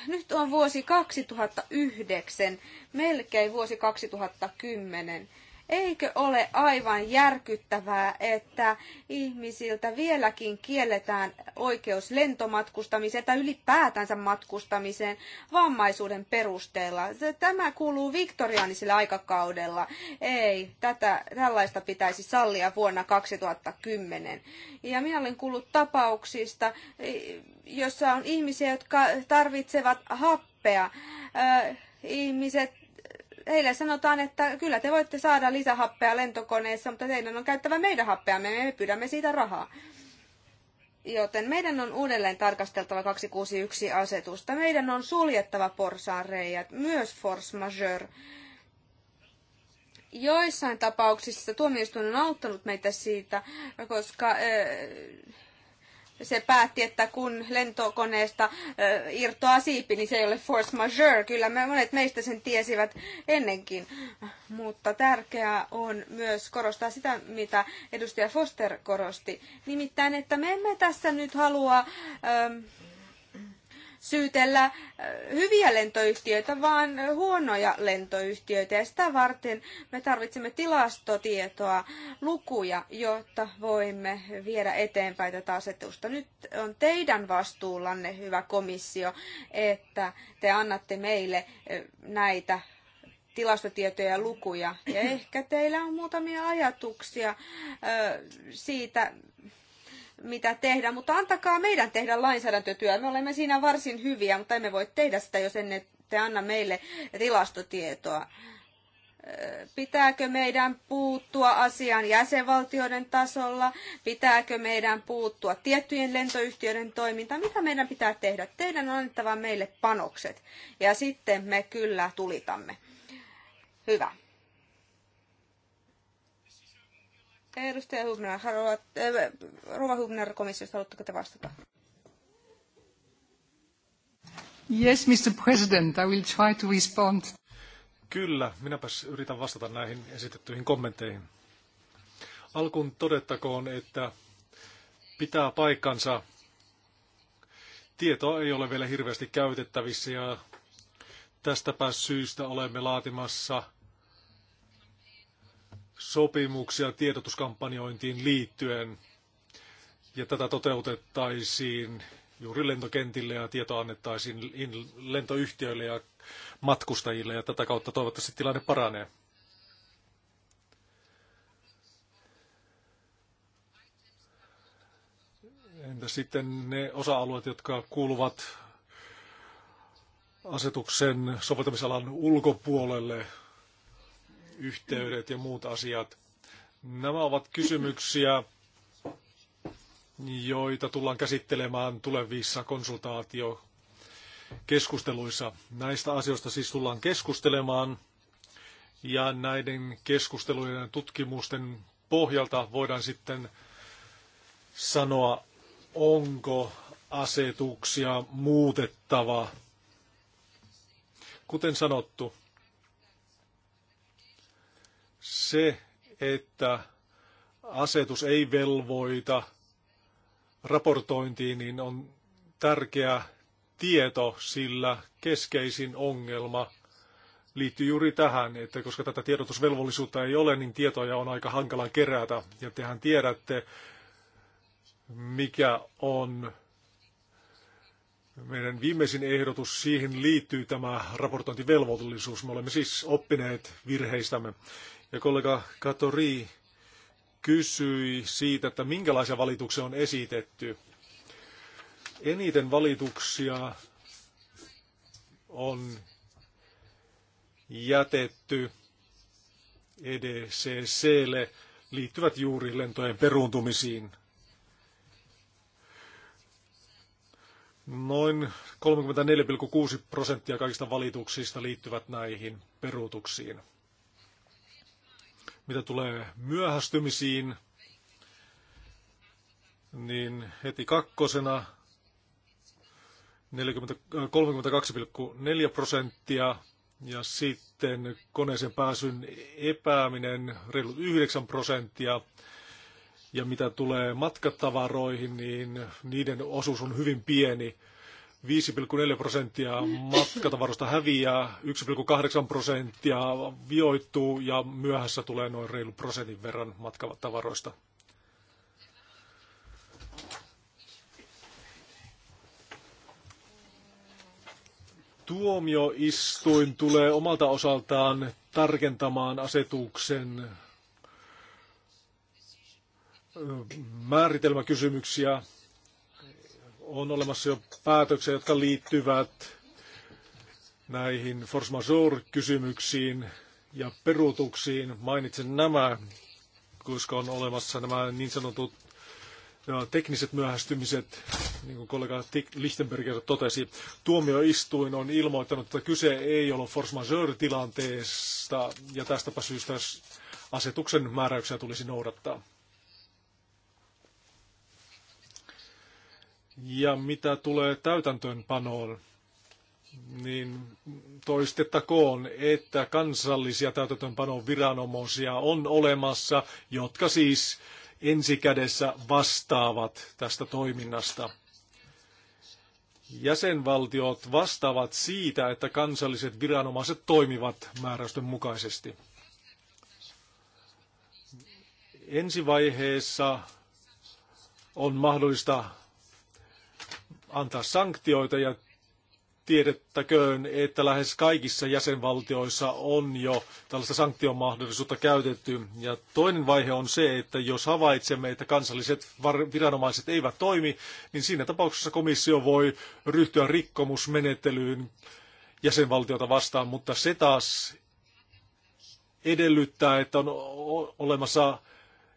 Nyt on vuosi 2009, melkein vuosi 2010. Eikö ole aivan järkyttävää, että ihmisiltä vieläkin kielletään oikeus lentomatkustamiseen tai ylipäätänsä matkustamiseen vammaisuuden perusteella? Tämä kuuluu viktoriaaniselle aikakaudella. Ei, tätä, tällaista pitäisi sallia vuonna 2010. Ja minä olen kuullut tapauksista, jossa on ihmisiä, jotka tarvitsevat happea ihmiset heille sanotaan, että kyllä te voitte saada lisähappea lentokoneessa, mutta teidän on käyttävä meidän happea, me pyydämme siitä rahaa. Joten meidän on uudelleen tarkasteltava 261-asetusta. Meidän on suljettava porsaanreijät, myös force majeure. Joissain tapauksissa tuomioistuin on auttanut meitä siitä, koska... Äh, se päätti, että kun lentokoneesta irtoaa siipi, niin se ei ole force majeure. Kyllä me monet meistä sen tiesivät ennenkin. Mutta tärkeää on myös korostaa sitä, mitä edustaja Foster korosti. Nimittäin, että me emme tässä nyt halua... Ähm, syytellä äh, hyviä lentoyhtiöitä, vaan huonoja lentoyhtiöitä. Ja sitä varten me tarvitsemme tilastotietoa, lukuja, jotta voimme viedä eteenpäin tätä asetusta. Nyt on teidän vastuullanne, hyvä komissio, että te annatte meille äh, näitä tilastotietoja ja lukuja. Ja ehkä teillä on muutamia ajatuksia äh, siitä, mitä tehdä, mutta antakaa meidän tehdä lainsäädäntötyö. Me olemme siinä varsin hyviä, mutta emme voi tehdä sitä, jos ette anna meille tilastotietoa. Pitääkö meidän puuttua asiaan jäsenvaltioiden tasolla? Pitääkö meidän puuttua tiettyjen lentoyhtiöiden toimintaan? Mitä meidän pitää tehdä? Teidän on annettava meille panokset. Ja sitten me kyllä tulitamme. Hyvä. Edustaja Hubner, haluat, äh, eh, Rova Hubner komissiosta, haluatteko te vastata? Yes, Mr. President, I will try to respond. Kyllä, minäpäs yritän vastata näihin esitettyihin kommentteihin. Alkuun todettakoon, että pitää paikkansa. Tietoa ei ole vielä hirveästi käytettävissä ja tästäpä syystä olemme laatimassa – sopimuksia tiedotuskampanjointiin liittyen. Ja tätä toteutettaisiin juuri lentokentille ja tietoa annettaisiin lentoyhtiöille ja matkustajille ja tätä kautta toivottavasti tilanne paranee. Entä sitten ne osa-alueet, jotka kuuluvat asetuksen soveltamisalan ulkopuolelle, yhteydet ja muut asiat. Nämä ovat kysymyksiä, joita tullaan käsittelemään tulevissa konsultaatiokeskusteluissa. Näistä asioista siis tullaan keskustelemaan ja näiden keskustelujen ja tutkimusten pohjalta voidaan sitten sanoa, onko asetuksia muutettava. Kuten sanottu, se, että asetus ei velvoita raportointiin, niin on tärkeä tieto, sillä keskeisin ongelma liittyy juuri tähän, että koska tätä tiedotusvelvollisuutta ei ole, niin tietoja on aika hankala kerätä. Ja tehän tiedätte, mikä on meidän viimeisin ehdotus siihen liittyy tämä raportointivelvollisuus. Me olemme siis oppineet virheistämme. Ja kollega Katori kysyi siitä, että minkälaisia valituksia on esitetty. Eniten valituksia on jätetty EDCClle liittyvät juuri lentojen peruuntumisiin Noin 34,6 prosenttia kaikista valituksista liittyvät näihin peruutuksiin. Mitä tulee myöhästymisiin, niin heti kakkosena 32,4 prosenttia ja sitten koneeseen pääsyn epääminen reilut 9 prosenttia ja mitä tulee matkatavaroihin, niin niiden osuus on hyvin pieni. 5,4 prosenttia matkatavarosta häviää, 1,8 prosenttia vioittuu ja myöhässä tulee noin reilu prosentin verran matkatavaroista. Tuomioistuin tulee omalta osaltaan tarkentamaan asetuksen määritelmäkysymyksiä. On olemassa jo päätöksiä, jotka liittyvät näihin force majeure-kysymyksiin ja peruutuksiin. Mainitsen nämä, koska on olemassa nämä niin sanotut tekniset myöhästymiset, niin kuin kollega Lichtenberger totesi. Tuomioistuin on ilmoittanut, että kyse ei ole force majeure-tilanteesta ja tästäpä syystä asetuksen määräyksiä tulisi noudattaa. Ja mitä tulee täytäntöönpanoon, niin toistettakoon, että kansallisia täytäntöönpanon viranomaisia on olemassa, jotka siis ensikädessä vastaavat tästä toiminnasta. Jäsenvaltiot vastaavat siitä, että kansalliset viranomaiset toimivat määräysten mukaisesti. Ensivaiheessa on mahdollista antaa sanktioita ja tiedettäköön, että lähes kaikissa jäsenvaltioissa on jo tällaista sanktiomahdollisuutta käytetty. Ja toinen vaihe on se, että jos havaitsemme, että kansalliset viranomaiset eivät toimi, niin siinä tapauksessa komissio voi ryhtyä rikkomusmenettelyyn jäsenvaltiota vastaan, mutta se taas edellyttää, että on olemassa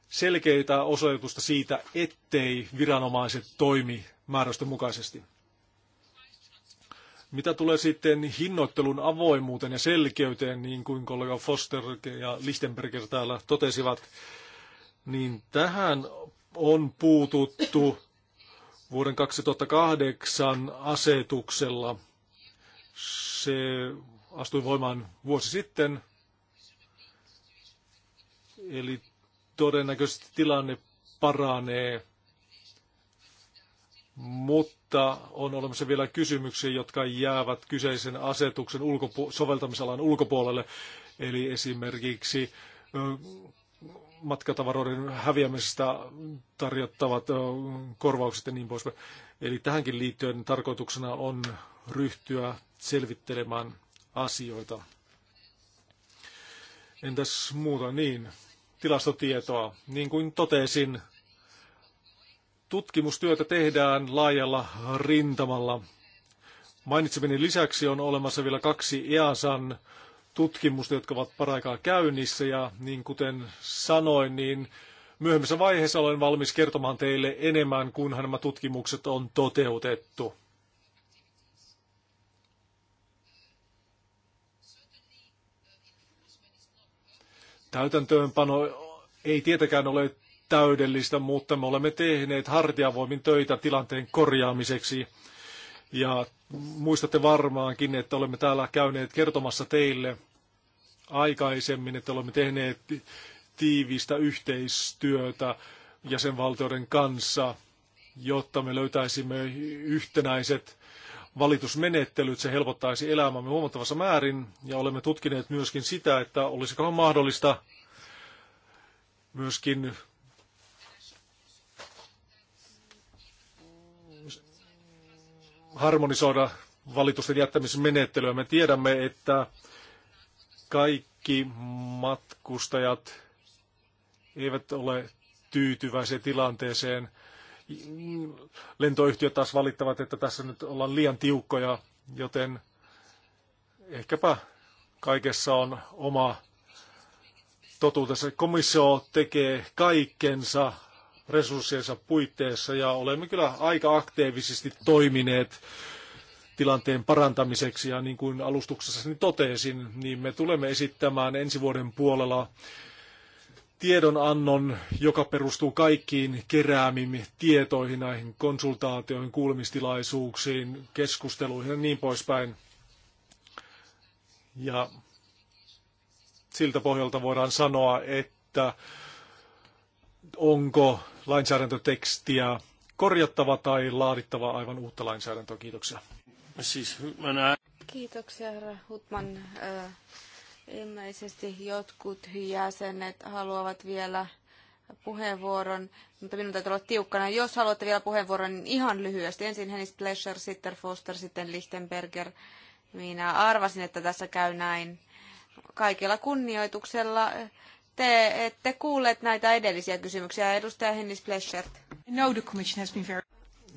selkeitä osoitusta siitä, ettei viranomaiset toimi määräysten mukaisesti. Mitä tulee sitten hinnoittelun avoimuuteen ja selkeyteen, niin kuin kollega Foster ja Lichtenberger täällä totesivat, niin tähän on puututtu vuoden 2008 asetuksella. Se astui voimaan vuosi sitten, eli todennäköisesti tilanne paranee mutta on olemassa vielä kysymyksiä, jotka jäävät kyseisen asetuksen ulkopu- soveltamisalan ulkopuolelle, eli esimerkiksi matkatavaroiden häviämisestä tarjottavat korvaukset ja niin poispäin. Eli tähänkin liittyen tarkoituksena on ryhtyä selvittelemään asioita. Entäs muuta niin? Tilastotietoa. Niin kuin totesin, Tutkimustyötä tehdään laajalla rintamalla. Mainitseminen lisäksi on olemassa vielä kaksi EASAN tutkimusta, jotka ovat paraikaa käynnissä ja niin kuten sanoin, niin myöhemmässä vaiheessa olen valmis kertomaan teille enemmän, kunhan nämä tutkimukset on toteutettu. Täytäntöönpano ei tietenkään ole täydellistä, mutta me olemme tehneet hartiavoimin töitä tilanteen korjaamiseksi. Ja muistatte varmaankin, että olemme täällä käyneet kertomassa teille aikaisemmin, että olemme tehneet tiivistä yhteistyötä jäsenvaltioiden kanssa, jotta me löytäisimme yhtenäiset valitusmenettelyt. Se helpottaisi elämämme huomattavassa määrin ja olemme tutkineet myöskin sitä, että olisikohan mahdollista myöskin harmonisoida valitusten jättämismenettelyä. Me tiedämme, että kaikki matkustajat eivät ole tyytyväisiä tilanteeseen. Lentoyhtiöt taas valittavat, että tässä nyt ollaan liian tiukkoja, joten ehkäpä kaikessa on oma totuutensa. Komissio tekee kaikkensa resurssiensa puitteissa ja olemme kyllä aika aktiivisesti toimineet tilanteen parantamiseksi ja niin kuin alustuksessani totesin, niin me tulemme esittämään ensi vuoden puolella tiedonannon, joka perustuu kaikkiin keräämiin tietoihin, näihin konsultaatioihin, kuulemistilaisuuksiin, keskusteluihin ja niin poispäin. Ja siltä pohjalta voidaan sanoa, että onko lainsäädäntötekstiä korjattava tai laadittava aivan uutta lainsäädäntöä? Kiitoksia. Siis, mä Kiitoksia, herra Hutman. Ilmeisesti jotkut jäsenet haluavat vielä puheenvuoron, mutta minun täytyy olla tiukkana. Jos haluatte vielä puheenvuoron, niin ihan lyhyesti. Ensin Hennis Plescher, sitten Foster, sitten Lichtenberger. Minä arvasin, että tässä käy näin. Kaikilla kunnioituksella te ette kuulleet näitä edellisiä kysymyksiä. Edustaja Hennis Pleschert. the commission has been very...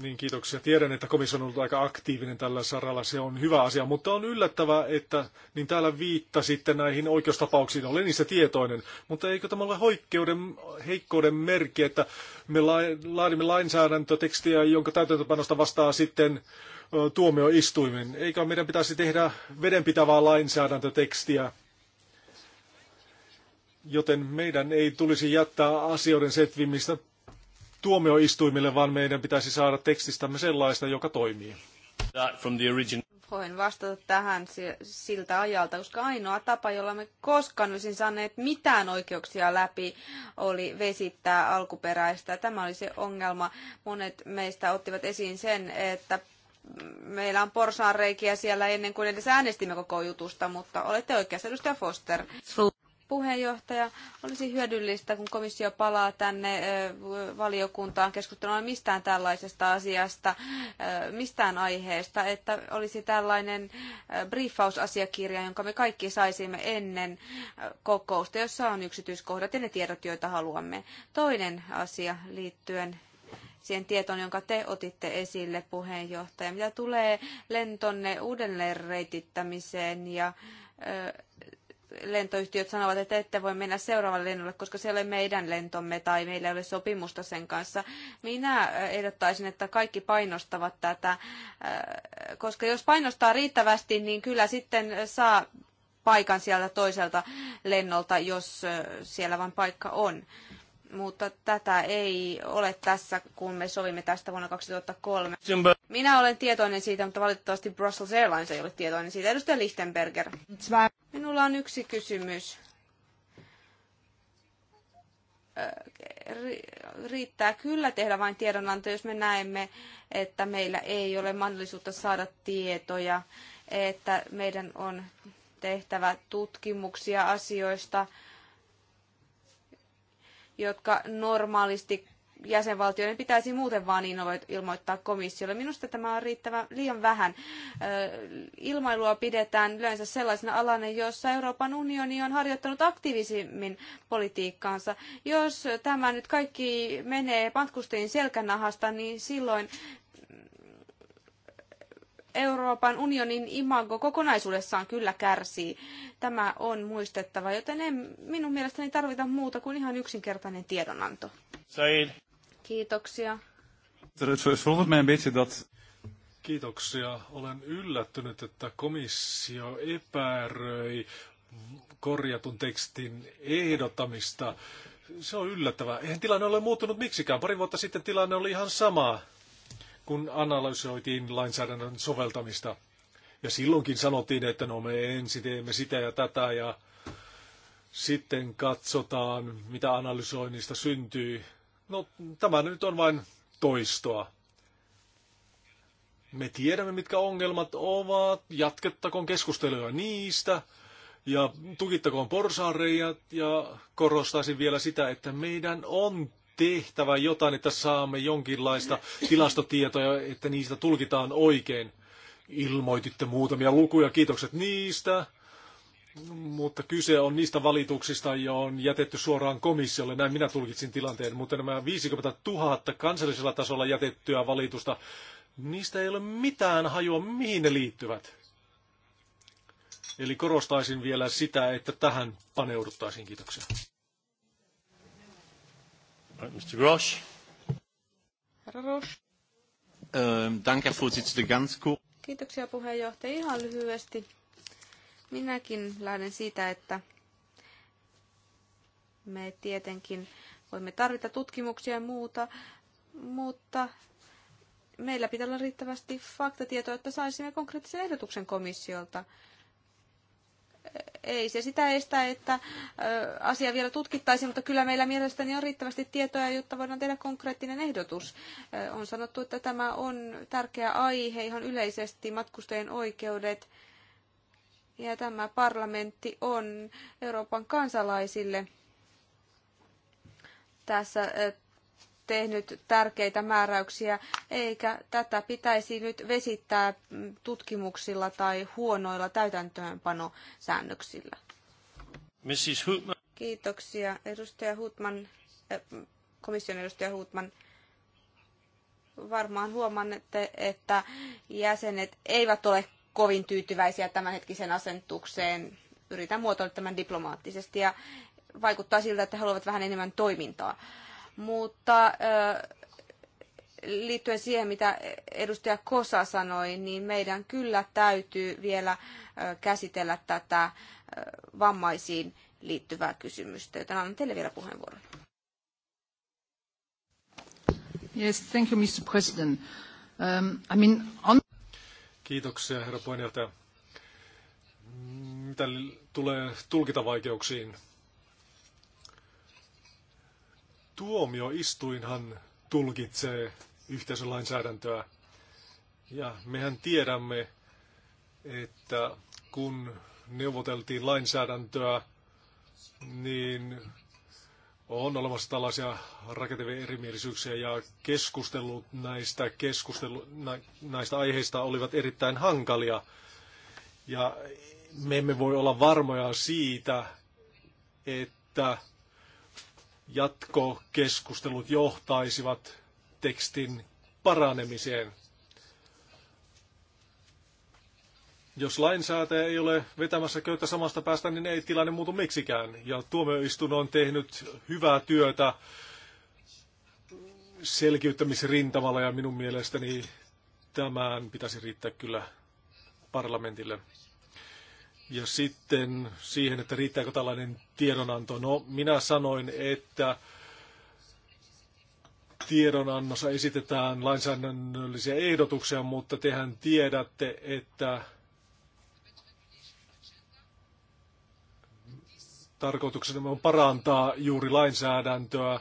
Niin, kiitoksia. Tiedän, että komissio on ollut aika aktiivinen tällä saralla. Se on hyvä asia, mutta on yllättävää, että niin täällä viittasitte näihin oikeustapauksiin. Olen niissä tietoinen, mutta eikö tämä ole hoikkeuden, heikkouden merkki, että me laadimme lainsäädäntötekstiä, jonka täytäntöpanosta vastaa sitten tuomioistuimen. Eikä meidän pitäisi tehdä vedenpitävää lainsäädäntötekstiä, joten meidän ei tulisi jättää asioiden setvimistä tuomioistuimille, vaan meidän pitäisi saada tekstistämme sellaista, joka toimii. Voin vastata tähän siltä ajalta, koska ainoa tapa, jolla me koskaan olisin saaneet mitään oikeuksia läpi, oli vesittää alkuperäistä. Tämä oli se ongelma. Monet meistä ottivat esiin sen, että meillä on porsaanreikiä siellä ennen kuin edes äänestimme koko jutusta, mutta olette oikeassa, edustaja Foster puheenjohtaja, olisi hyödyllistä, kun komissio palaa tänne valiokuntaan keskustelemaan mistään tällaisesta asiasta, mistään aiheesta, että olisi tällainen briefausasiakirja, jonka me kaikki saisimme ennen kokousta, jossa on yksityiskohdat ja ne tiedot, joita haluamme. Toinen asia liittyen siihen tietoon, jonka te otitte esille puheenjohtaja. Mitä tulee lentonne uudelleenreitittämiseen ja lentoyhtiöt sanovat, että ette voi mennä seuraavalle lennolle, koska se ei ole meidän lentomme tai meillä ei ole sopimusta sen kanssa. Minä äh, ehdottaisin, että kaikki painostavat tätä, äh, koska jos painostaa riittävästi, niin kyllä sitten saa paikan sieltä toiselta lennolta, jos äh, siellä vain paikka on. Mutta tätä ei ole tässä, kun me sovimme tästä vuonna 2003. Minä olen tietoinen siitä, mutta valitettavasti Brussels Airlines ei ole tietoinen siitä. Edustaja Lichtenberger. Minulla on yksi kysymys. Äh, riittää kyllä tehdä vain tiedonanto, jos me näemme, että meillä ei ole mahdollisuutta saada tietoja, että meidän on tehtävä tutkimuksia asioista, jotka normaalisti jäsenvaltioiden pitäisi muuten vain ilmoittaa komissiolle. Minusta tämä on riittävä liian vähän. Ilmailua pidetään yleensä sellaisena alana, jossa Euroopan unioni on harjoittanut aktiivisimmin politiikkaansa. Jos tämä nyt kaikki menee matkustajien selkänahasta, niin silloin Euroopan unionin imago kokonaisuudessaan kyllä kärsii. Tämä on muistettava, joten en minun mielestäni tarvita muuta kuin ihan yksinkertainen tiedonanto. Said. Kiitoksia. Er, Kiitoksia. Olen yllättynyt, että komissio epäröi korjatun tekstin ehdottamista. Se on yllättävää. Eihän tilanne ole muuttunut miksikään. Pari vuotta sitten tilanne oli ihan sama, kun analysoitiin lainsäädännön soveltamista. Ja silloinkin sanottiin, että no me ensin teemme sitä ja tätä ja sitten katsotaan, mitä analysoinnista syntyy. No, tämä nyt on vain toistoa. Me tiedämme, mitkä ongelmat ovat, jatkettakoon keskustelua niistä ja tukittakoon porsaareijat, ja korostaisin vielä sitä, että meidän on tehtävä jotain, että saamme jonkinlaista tilastotietoja, että niistä tulkitaan oikein. Ilmoititte muutamia lukuja, kiitokset niistä mutta kyse on niistä valituksista, jo on jätetty suoraan komissiolle. Näin minä tulkitsin tilanteen, mutta nämä 50 000 kansallisella tasolla jätettyä valitusta, niistä ei ole mitään hajua, mihin ne liittyvät. Eli korostaisin vielä sitä, että tähän paneuduttaisiin. Kiitoksia. Mr. Grosch. Herra Grosch. Ähm, danke, Vorsitzende, ganz kurz. Kiitoksia puheenjohtaja. Ihan lyhyesti Minäkin lähden siitä, että me tietenkin voimme tarvita tutkimuksia ja muuta, mutta meillä pitää olla riittävästi faktatietoa, että saisimme konkreettisen ehdotuksen komissiolta. Ei se sitä estä, että asia vielä tutkittaisiin, mutta kyllä meillä mielestäni on riittävästi tietoja, jotta voidaan tehdä konkreettinen ehdotus. On sanottu, että tämä on tärkeä aihe ihan yleisesti, matkustajien oikeudet, ja tämä parlamentti on Euroopan kansalaisille tässä eh, tehnyt tärkeitä määräyksiä, eikä tätä pitäisi nyt vesittää mm, tutkimuksilla tai huonoilla täytäntöönpanosäännöksillä. Mrs. Hutman. Kiitoksia. Edustaja Hutman, eh, komission edustaja Hutman, varmaan huomannette, että jäsenet eivät ole kovin tyytyväisiä tämänhetkiseen asentukseen. Yritän muotoilla tämän diplomaattisesti ja vaikuttaa siltä, että he haluavat vähän enemmän toimintaa. Mutta liittyen siihen, mitä edustaja Kosa sanoi, niin meidän kyllä täytyy vielä käsitellä tätä vammaisiin liittyvää kysymystä, joten annan teille vielä puheenvuoron. Yes, thank you, Mr. President. Um, I mean, on... Kiitoksia, herra puheenjohtaja. Mitä tulee vaikeuksiin? Tuomioistuinhan tulkitsee yhteisölainsäädäntöä. Ja mehän tiedämme, että kun neuvoteltiin lainsäädäntöä, niin on olemassa tällaisia rakentavia erimielisyyksiä ja keskustelut näistä, keskustelu, näistä aiheista olivat erittäin hankalia. Ja me emme voi olla varmoja siitä, että jatkokeskustelut johtaisivat tekstin paranemiseen. Jos lainsäätäjä ei ole vetämässä köyttä samasta päästä, niin ei tilanne muutu miksikään. Ja tuomioistuin on tehnyt hyvää työtä selkiyttämisrintamalla ja minun mielestäni tämän pitäisi riittää kyllä parlamentille. Ja sitten siihen, että riittääkö tällainen tiedonanto. No, minä sanoin, että tiedonannossa esitetään lainsäädännöllisiä ehdotuksia, mutta tehän tiedätte, että Tarkoituksena on parantaa juuri lainsäädäntöä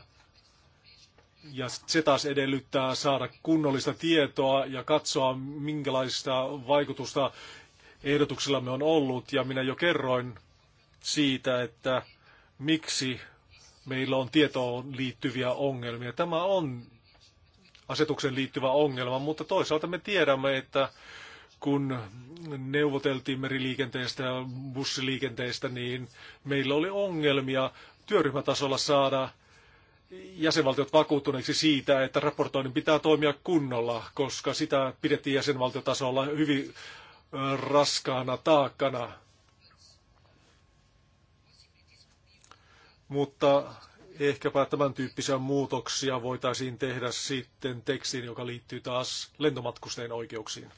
ja se taas edellyttää saada kunnollista tietoa ja katsoa, minkälaista vaikutusta ehdotuksillamme on ollut. Ja minä jo kerroin siitä, että miksi meillä on tietoon liittyviä ongelmia. Tämä on asetukseen liittyvä ongelma, mutta toisaalta me tiedämme, että kun neuvoteltiin meriliikenteestä ja bussiliikenteestä, niin meillä oli ongelmia työryhmätasolla saada jäsenvaltiot vakuuttuneiksi siitä, että raportoinnin pitää toimia kunnolla, koska sitä pidettiin jäsenvaltiotasolla hyvin raskaana taakkana. Mutta ehkäpä tämän tyyppisiä muutoksia voitaisiin tehdä sitten tekstiin, joka liittyy taas lentomatkustajien oikeuksiin.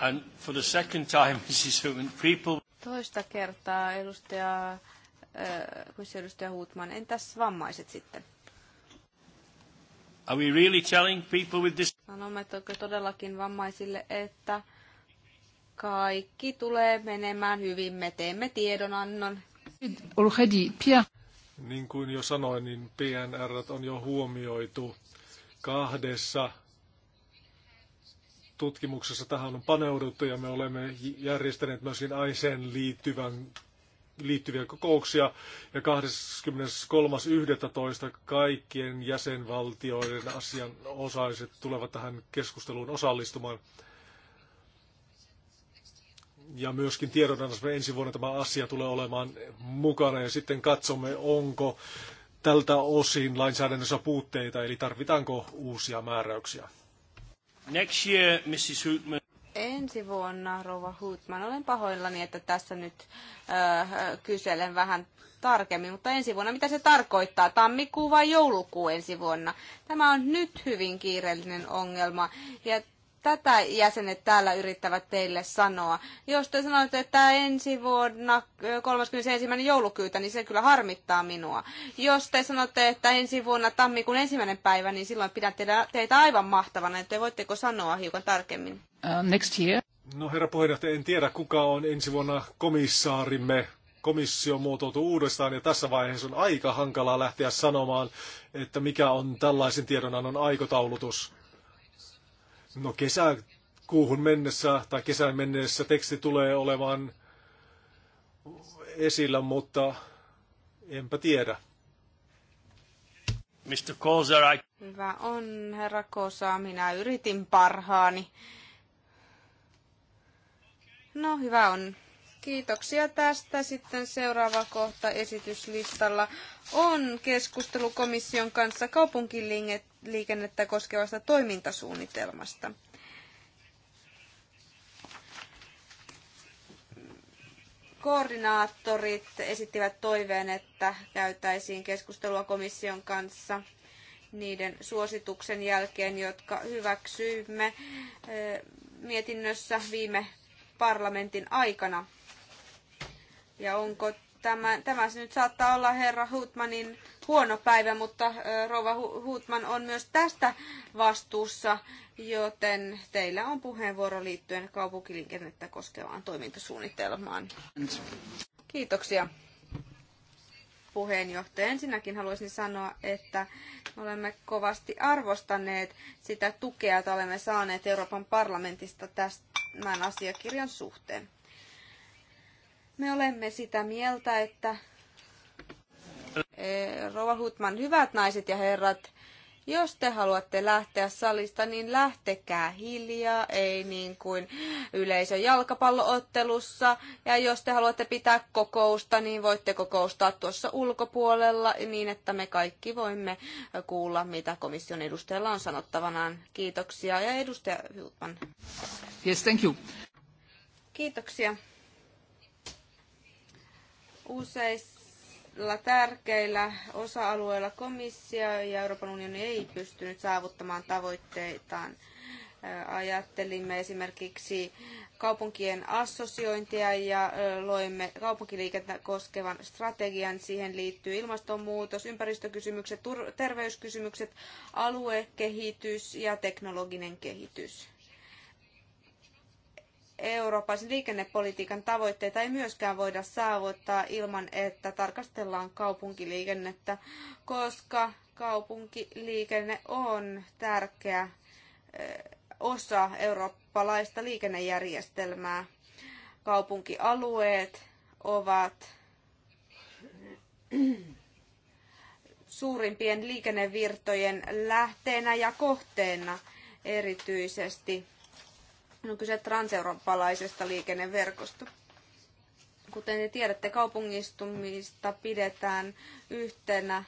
And for the second time, Mrs. Human, people... Toista kertaa edustaja, äh, edustaja Huutman, entäs vammaiset sitten? Are we really telling people with this... toki todellakin vammaisille, että kaikki tulee menemään hyvin, me teemme tiedonannon. Already, Pierre. Niin kuin jo sanoin, niin PNR on jo huomioitu kahdessa tutkimuksessa tähän on paneuduttu ja me olemme järjestäneet myöskin aiseen liittyvän liittyviä kokouksia ja 23.11. kaikkien jäsenvaltioiden asianosaiset tulevat tähän keskusteluun osallistumaan. Ja myöskin tiedonannossa ensi vuonna tämä asia tulee olemaan mukana ja sitten katsomme, onko tältä osin lainsäädännössä puutteita, eli tarvitaanko uusia määräyksiä. Next year, Mrs. Hootman. Ensi vuonna, Rova Hootman. Olen pahoillani, että tässä nyt äh, kyselen vähän tarkemmin, mutta ensi vuonna mitä se tarkoittaa? Tammikuu vai joulukuu ensi vuonna? Tämä on nyt hyvin kiireellinen ongelma ja Tätä jäsenet täällä yrittävät teille sanoa. Jos te sanotte, että ensi vuonna 31. joulukyytä, niin se kyllä harmittaa minua. Jos te sanotte, että ensi vuonna tammikuun ensimmäinen päivä, niin silloin pidän teitä aivan mahtavana. Te voitteko sanoa hiukan tarkemmin? Uh, next year. No herra puheenjohtaja, en tiedä kuka on ensi vuonna komissaarimme. Komissio muotoutuu uudestaan ja tässä vaiheessa on aika hankalaa lähteä sanomaan, että mikä on tällaisen tiedonannon aikataulutus. No kesäkuuhun mennessä tai kesän mennessä teksti tulee olemaan esillä, mutta enpä tiedä. Mr. Kosa, I... Hyvä on, herra Kosa. Minä yritin parhaani. No, hyvä on. Kiitoksia tästä. Sitten seuraava kohta esityslistalla on keskustelu komission kanssa kaupunkilinget liikennettä koskevasta toimintasuunnitelmasta. Koordinaattorit esittivät toiveen, että käytäisiin keskustelua komission kanssa niiden suosituksen jälkeen, jotka hyväksyimme eh, mietinnössä viime parlamentin aikana. Ja onko Tämä, tämä nyt saattaa olla herra Hutmanin huono päivä, mutta rouva Hutman on myös tästä vastuussa, joten teillä on puheenvuoro liittyen kaupunkiliikennettä koskevaan toimintasuunnitelmaan. Kiitoksia puheenjohtaja. Ensinnäkin haluaisin sanoa, että olemme kovasti arvostaneet sitä tukea, jota olemme saaneet Euroopan parlamentista tämän asiakirjan suhteen. Me olemme sitä mieltä, että eh, Rova Hutman, hyvät naiset ja herrat, jos te haluatte lähteä salista, niin lähtekää hiljaa, ei niin kuin yleisön jalkapalloottelussa. Ja jos te haluatte pitää kokousta, niin voitte kokoustaa tuossa ulkopuolella niin, että me kaikki voimme kuulla, mitä komission edustajalla on sanottavanaan. Kiitoksia ja edustaja Hutman. Yes, thank you. Kiitoksia. Useilla tärkeillä osa-alueilla komissio ja Euroopan unioni ei pystynyt saavuttamaan tavoitteitaan. Ajattelimme esimerkiksi kaupunkien assosiointia ja loimme kaupunkiliikettä koskevan strategian. Siihen liittyy ilmastonmuutos, ympäristökysymykset, terveyskysymykset, aluekehitys ja teknologinen kehitys eurooppalaisen liikennepolitiikan tavoitteita ei myöskään voida saavuttaa ilman, että tarkastellaan kaupunkiliikennettä, koska kaupunkiliikenne on tärkeä osa eurooppalaista liikennejärjestelmää. Kaupunkialueet ovat suurimpien liikennevirtojen lähteenä ja kohteena erityisesti on kyse transeurooppalaisesta liikenneverkosta. Kuten te tiedätte, kaupungistumista pidetään yhtenä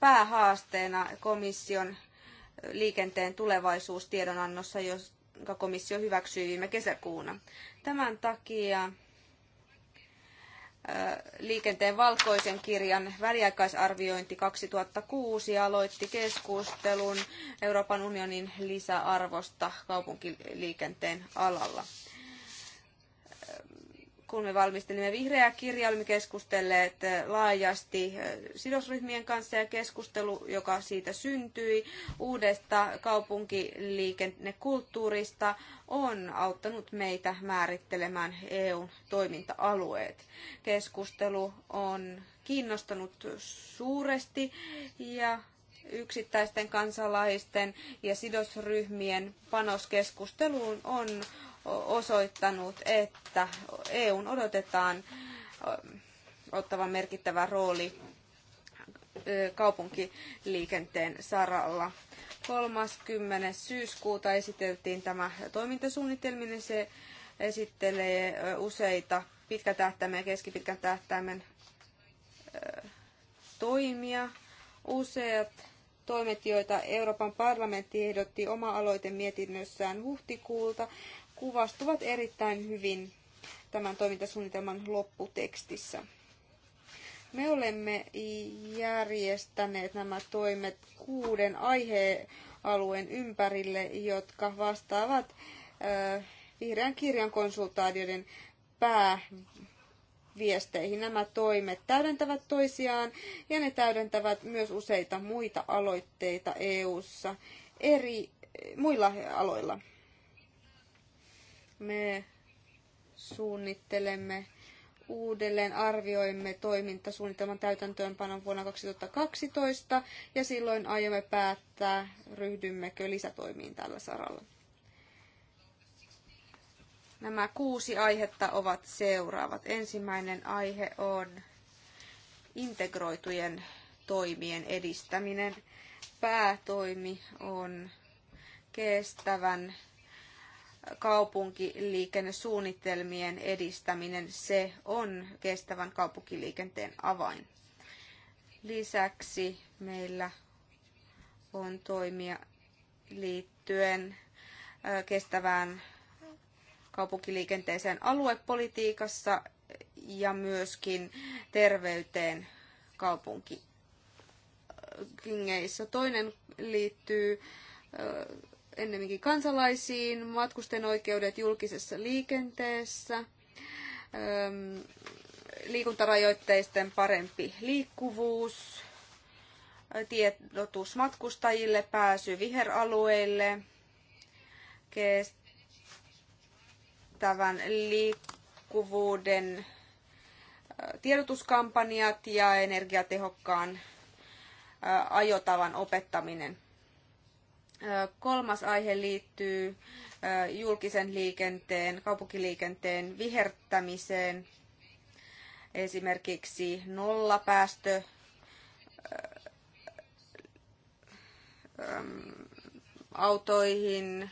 päähaasteena komission liikenteen tulevaisuustiedonannossa, jonka komissio hyväksyi viime kesäkuuna. Tämän takia liikenteen valkoisen kirjan väliaikaisarviointi 2006 aloitti keskustelun Euroopan unionin lisäarvosta kaupunkiliikenteen alalla kun me valmistelimme vihreää kirjaa, olimme keskustelleet eh, laajasti eh, sidosryhmien kanssa ja keskustelu, joka siitä syntyi uudesta kaupunkiliikennekulttuurista, on auttanut meitä määrittelemään eu toiminta-alueet. Keskustelu on kiinnostanut suuresti ja yksittäisten kansalaisten ja sidosryhmien panos on osoittanut, että EUn odotetaan ottavan merkittävä rooli kaupunkiliikenteen saralla. 30. syyskuuta esiteltiin tämä toimintasuunnitelminen. Niin se esittelee useita pitkän tähtäimen ja keskipitkän tähtäimen toimia. Useat toimet, joita Euroopan parlamentti ehdotti oma-aloitemietinnössään huhtikuulta, kuvastuvat erittäin hyvin tämän toimintasuunnitelman lopputekstissä. Me olemme järjestäneet nämä toimet kuuden aihealueen ympärille, jotka vastaavat vihreän kirjan konsultaatioiden pääviesteihin. Nämä toimet täydentävät toisiaan ja ne täydentävät myös useita muita aloitteita EU:ssa eri muilla aloilla. Me suunnittelemme uudelleen arvioimme toimintasuunnitelman täytäntöönpanon vuonna 2012 ja silloin aiomme päättää, ryhdymmekö lisätoimiin tällä saralla. Nämä kuusi aihetta ovat seuraavat. Ensimmäinen aihe on integroitujen toimien edistäminen. Päätoimi on kestävän kaupunkiliikennesuunnitelmien edistäminen, se on kestävän kaupunkiliikenteen avain. Lisäksi meillä on toimia liittyen kestävään kaupunkiliikenteeseen aluepolitiikassa ja myöskin terveyteen kaupunkikingeissä. Toinen liittyy ennemminkin kansalaisiin, matkusten oikeudet julkisessa liikenteessä, liikuntarajoitteisten parempi liikkuvuus, tiedotus matkustajille, pääsy viheralueille, kestävän liikkuvuuden tiedotuskampanjat ja energiatehokkaan ajotavan opettaminen. Kolmas aihe liittyy julkisen liikenteen, kaupunkiliikenteen vihertämiseen, esimerkiksi nollapäästö autoihin,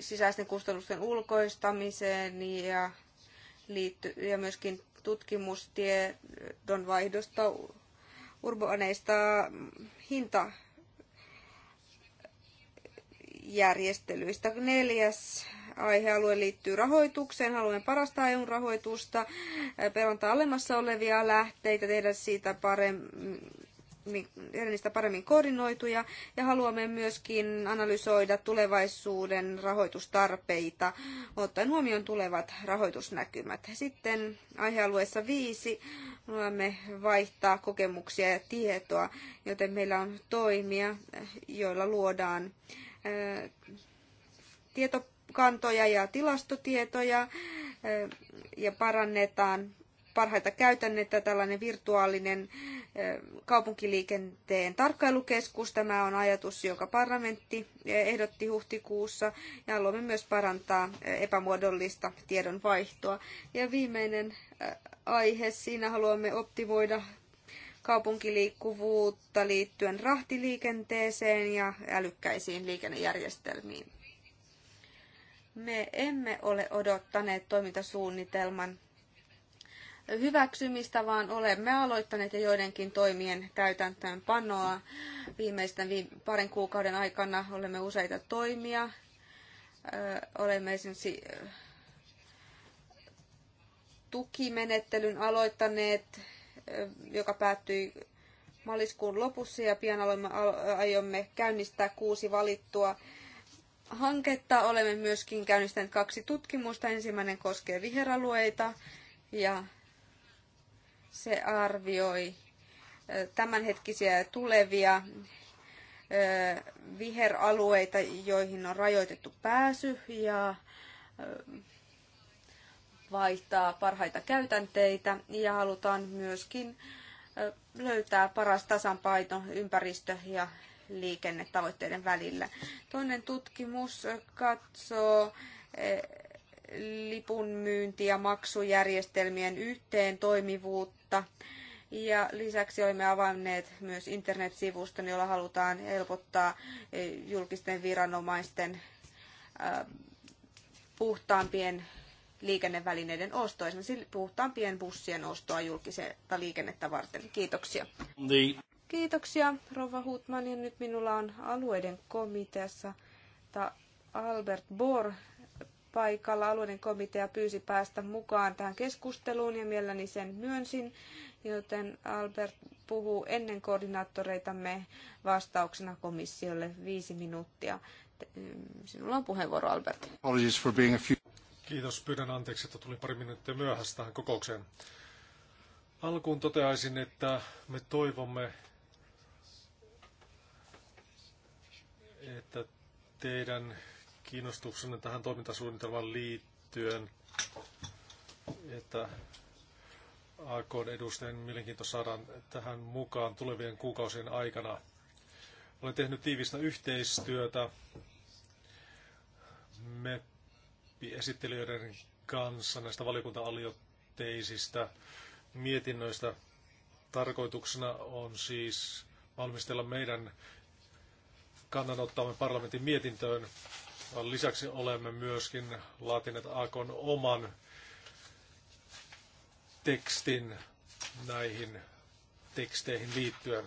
sisäisten kustannusten ulkoistamiseen ja, liitty, ja myöskin tutkimustiedon vaihdosta urbaaneista hinta järjestelyistä. Neljäs aihealue liittyy rahoitukseen. Haluamme parasta EUn rahoitusta, perantaa olemassa olevia lähteitä, tehdä siitä paremmin niistä paremmin koordinoituja ja haluamme myöskin analysoida tulevaisuuden rahoitustarpeita, ottaen huomioon tulevat rahoitusnäkymät. Sitten aihealueessa viisi haluamme vaihtaa kokemuksia ja tietoa, joten meillä on toimia, joilla luodaan tietokantoja ja tilastotietoja ja parannetaan parhaita käytännettä tällainen virtuaalinen kaupunkiliikenteen tarkkailukeskus. Tämä on ajatus, joka parlamentti ehdotti huhtikuussa ja haluamme myös parantaa epämuodollista tiedonvaihtoa. Ja viimeinen aihe, siinä haluamme optimoida kaupunkiliikkuvuutta liittyen rahtiliikenteeseen ja älykkäisiin liikennejärjestelmiin. Me emme ole odottaneet toimintasuunnitelman hyväksymistä, vaan olemme aloittaneet jo joidenkin toimien täytäntöönpanoa. Viimeisten parin kuukauden aikana olemme useita toimia. Olemme esimerkiksi tukimenettelyn aloittaneet Eh, joka päättyi maaliskuun lopussa ja pian aloimme, eh, aiomme käynnistää kuusi valittua hanketta. Olemme myöskin käynnistäneet kaksi tutkimusta. Ensimmäinen koskee viheralueita ja se arvioi eh, tämänhetkisiä tulevia viheralueita, joihin on rajoitettu pääsy ja vaihtaa parhaita käytänteitä ja halutaan myöskin löytää paras tasapaino ympäristö- ja liikennetavoitteiden välillä. Toinen tutkimus katsoo e, lipun myynti- ja maksujärjestelmien yhteen toimivuutta. Ja lisäksi olemme avanneet myös internetsivuston, jolla halutaan helpottaa e, julkisten viranomaisten puhtaampien liikennevälineiden ostoa. Esimerkiksi puhutaan pienbussien ostoa julkisesta liikennettä varten. Kiitoksia. Kiitoksia, Rova Hutman. Ja nyt minulla on alueiden komiteassa Albert Bohr paikalla. Alueiden komitea pyysi päästä mukaan tähän keskusteluun ja mielelläni sen myönsin, joten Albert puhuu ennen koordinaattoreitamme vastauksena komissiolle viisi minuuttia. Sinulla on puheenvuoro, Albert. Apologies for being a few... Kiitos, pyydän anteeksi, että tulin pari minuuttia myöhässä tähän kokoukseen. Alkuun toteaisin, että me toivomme, että teidän kiinnostuksenne tähän toimintasuunnitelmaan liittyen, että AKn edustajien mielenkiinto saadaan tähän mukaan tulevien kuukausien aikana. Olen tehnyt tiivistä yhteistyötä Me esittelijöiden kanssa näistä valiokunta-alioteisista mietinnöistä. Tarkoituksena on siis valmistella meidän kannanottamme parlamentin mietintöön. Lisäksi olemme myöskin laatineet Akon oman tekstin näihin teksteihin liittyen.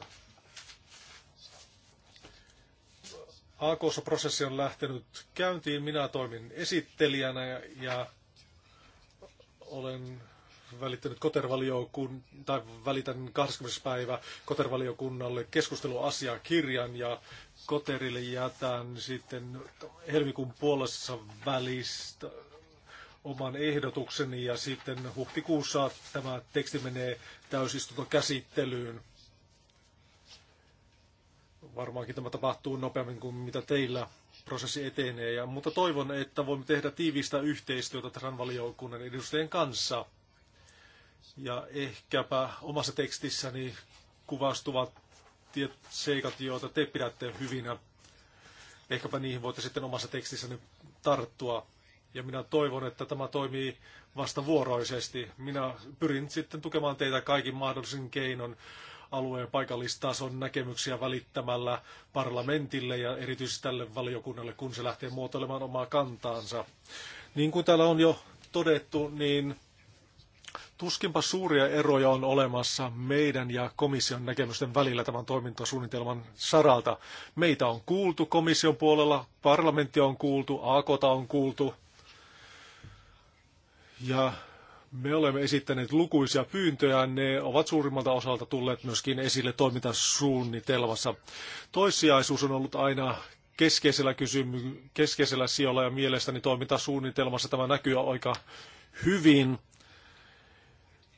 AKS-prosessi on lähtenyt käyntiin. Minä toimin esittelijänä ja, ja olen välittänyt kotervaliokun, tai välitän 20. päivä kotervaliokunnalle keskusteluasiakirjan ja koterille jätän sitten helmikuun puolessa välistä oman ehdotukseni ja sitten huhtikuussa tämä teksti menee täysistuntokäsittelyyn. käsittelyyn Varmaankin tämä tapahtuu nopeammin kuin mitä teillä prosessi etenee, ja, mutta toivon, että voimme tehdä tiivistä yhteistyötä transvaliokunnan valiokunnan edustajien kanssa. Ja ehkäpä omassa tekstissäni kuvastuvat tiet, seikat, joita te pidätte hyvinä. Ehkäpä niihin voitte sitten omassa tekstissäni tarttua. Ja minä toivon, että tämä toimii vastavuoroisesti. Minä pyrin sitten tukemaan teitä kaikin mahdollisin keinon alue- ja paikallistason näkemyksiä välittämällä parlamentille ja erityisesti tälle valiokunnalle, kun se lähtee muotoilemaan omaa kantaansa. Niin kuin täällä on jo todettu, niin tuskinpa suuria eroja on olemassa meidän ja komission näkemysten välillä tämän toimintasuunnitelman saralta. Meitä on kuultu komission puolella, parlamentti on kuultu, AKta on kuultu ja me olemme esittäneet lukuisia pyyntöjä, ne ovat suurimmalta osalta tulleet myöskin esille toimintasuunnitelmassa. Toissijaisuus on ollut aina keskeisellä, kysymy- keskeisellä sijalla ja mielestäni toimintasuunnitelmassa tämä näkyy aika hyvin.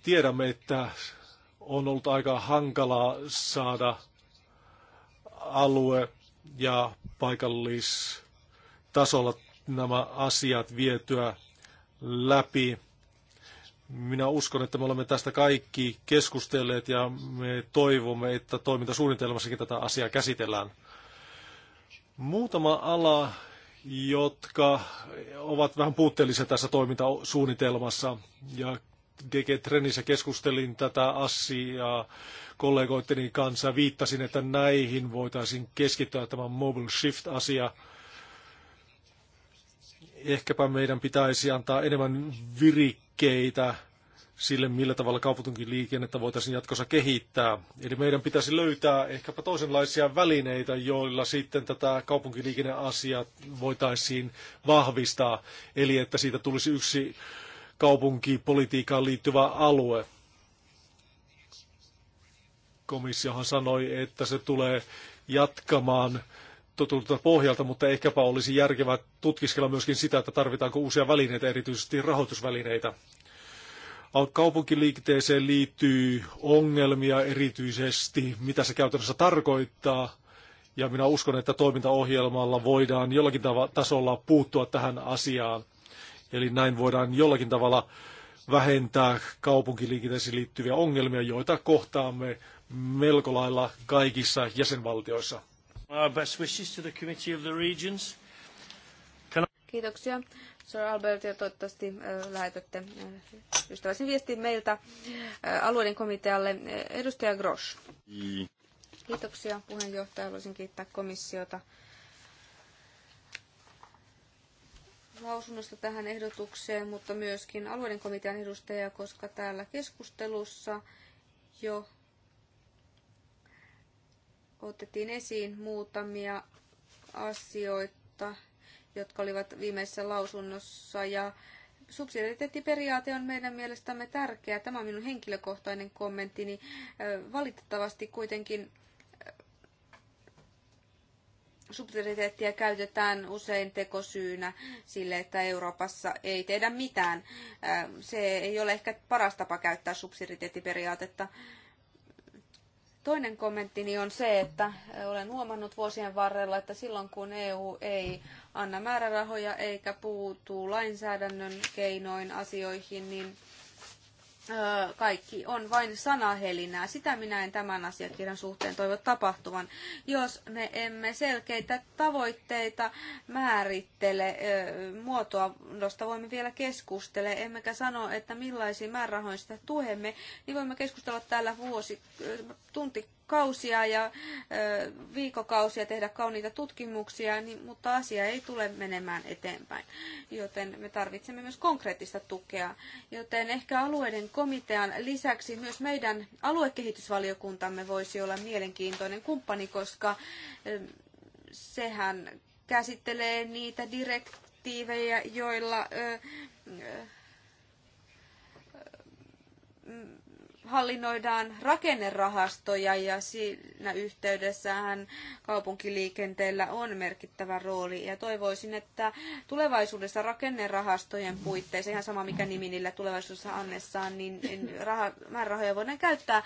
Tiedämme, että on ollut aika hankalaa saada alue- ja paikallistasolla nämä asiat vietyä läpi. Minä uskon, että me olemme tästä kaikki keskustelleet ja me toivomme, että toimintasuunnitelmassakin tätä asiaa käsitellään. Muutama ala, jotka ovat vähän puutteellisia tässä toimintasuunnitelmassa ja DG Trenissä keskustelin tätä asiaa kollegoitteni kanssa. Viittasin, että näihin voitaisiin keskittyä tämä Mobile Shift-asia. Ehkäpä meidän pitäisi antaa enemmän virik liikkeitä sille, millä tavalla liikennettä voitaisiin jatkossa kehittää. Eli meidän pitäisi löytää ehkäpä toisenlaisia välineitä, joilla sitten tätä kaupunkiliikenneasiaa voitaisiin vahvistaa, eli että siitä tulisi yksi kaupunkipolitiikkaan liittyvä alue. Komissiohan sanoi, että se tulee jatkamaan tutulta pohjalta, mutta ehkäpä olisi järkevää tutkiskella myöskin sitä, että tarvitaanko uusia välineitä, erityisesti rahoitusvälineitä. Kaupunkiliikenteeseen liittyy ongelmia erityisesti, mitä se käytännössä tarkoittaa, ja minä uskon, että toimintaohjelmalla voidaan jollakin tavalla tasolla puuttua tähän asiaan. Eli näin voidaan jollakin tavalla vähentää kaupunkiliikenteeseen liittyviä ongelmia, joita kohtaamme melko lailla kaikissa jäsenvaltioissa. Kiitoksia. Sir Albert, ja toivottavasti äh, lähetätte äh, ystävällisen viestin meiltä äh, alueiden komitealle. Edustaja Grosch. Kiitoksia puheenjohtaja. Haluaisin kiittää komissiota lausunnosta tähän ehdotukseen, mutta myöskin alueiden komitean edustajia, koska täällä keskustelussa jo otettiin esiin muutamia asioita, jotka olivat viimeisessä lausunnossa ja subsidiariteettiperiaate on meidän mielestämme tärkeä. Tämä on minun henkilökohtainen kommenttini. Valitettavasti kuitenkin subsidiariteettia käytetään usein tekosyynä sille, että Euroopassa ei tehdä mitään. Se ei ole ehkä paras tapa käyttää subsidiariteettiperiaatetta. Toinen kommenttini on se, että olen huomannut vuosien varrella, että silloin kun EU ei anna määrärahoja eikä puutu lainsäädännön keinoin asioihin, niin kaikki on vain sanahelinää. Sitä minä en tämän asiakirjan suhteen toivo tapahtuvan, jos me emme selkeitä tavoitteita määrittele. Muotoa, josta voimme vielä keskustella, emmekä sano, että millaisiin määrärahoin sitä tuhemme, niin voimme keskustella täällä vuosi, tunti kausia ja viikokausia tehdä kauniita tutkimuksia, niin, mutta asia ei tule menemään eteenpäin. Joten me tarvitsemme myös konkreettista tukea. Joten ehkä alueiden komitean lisäksi myös meidän aluekehitysvaliokuntamme voisi olla mielenkiintoinen kumppani, koska sehän käsittelee niitä direktiivejä, joilla ö, ö, hallinnoidaan rakennerahastoja ja siinä yhteydessähän kaupunkiliikenteellä on merkittävä rooli. Ja toivoisin, että tulevaisuudessa rakennerahastojen puitteissa, ihan sama mikä nimi niillä tulevaisuudessa annessaan, niin raha, määrärahoja voidaan käyttää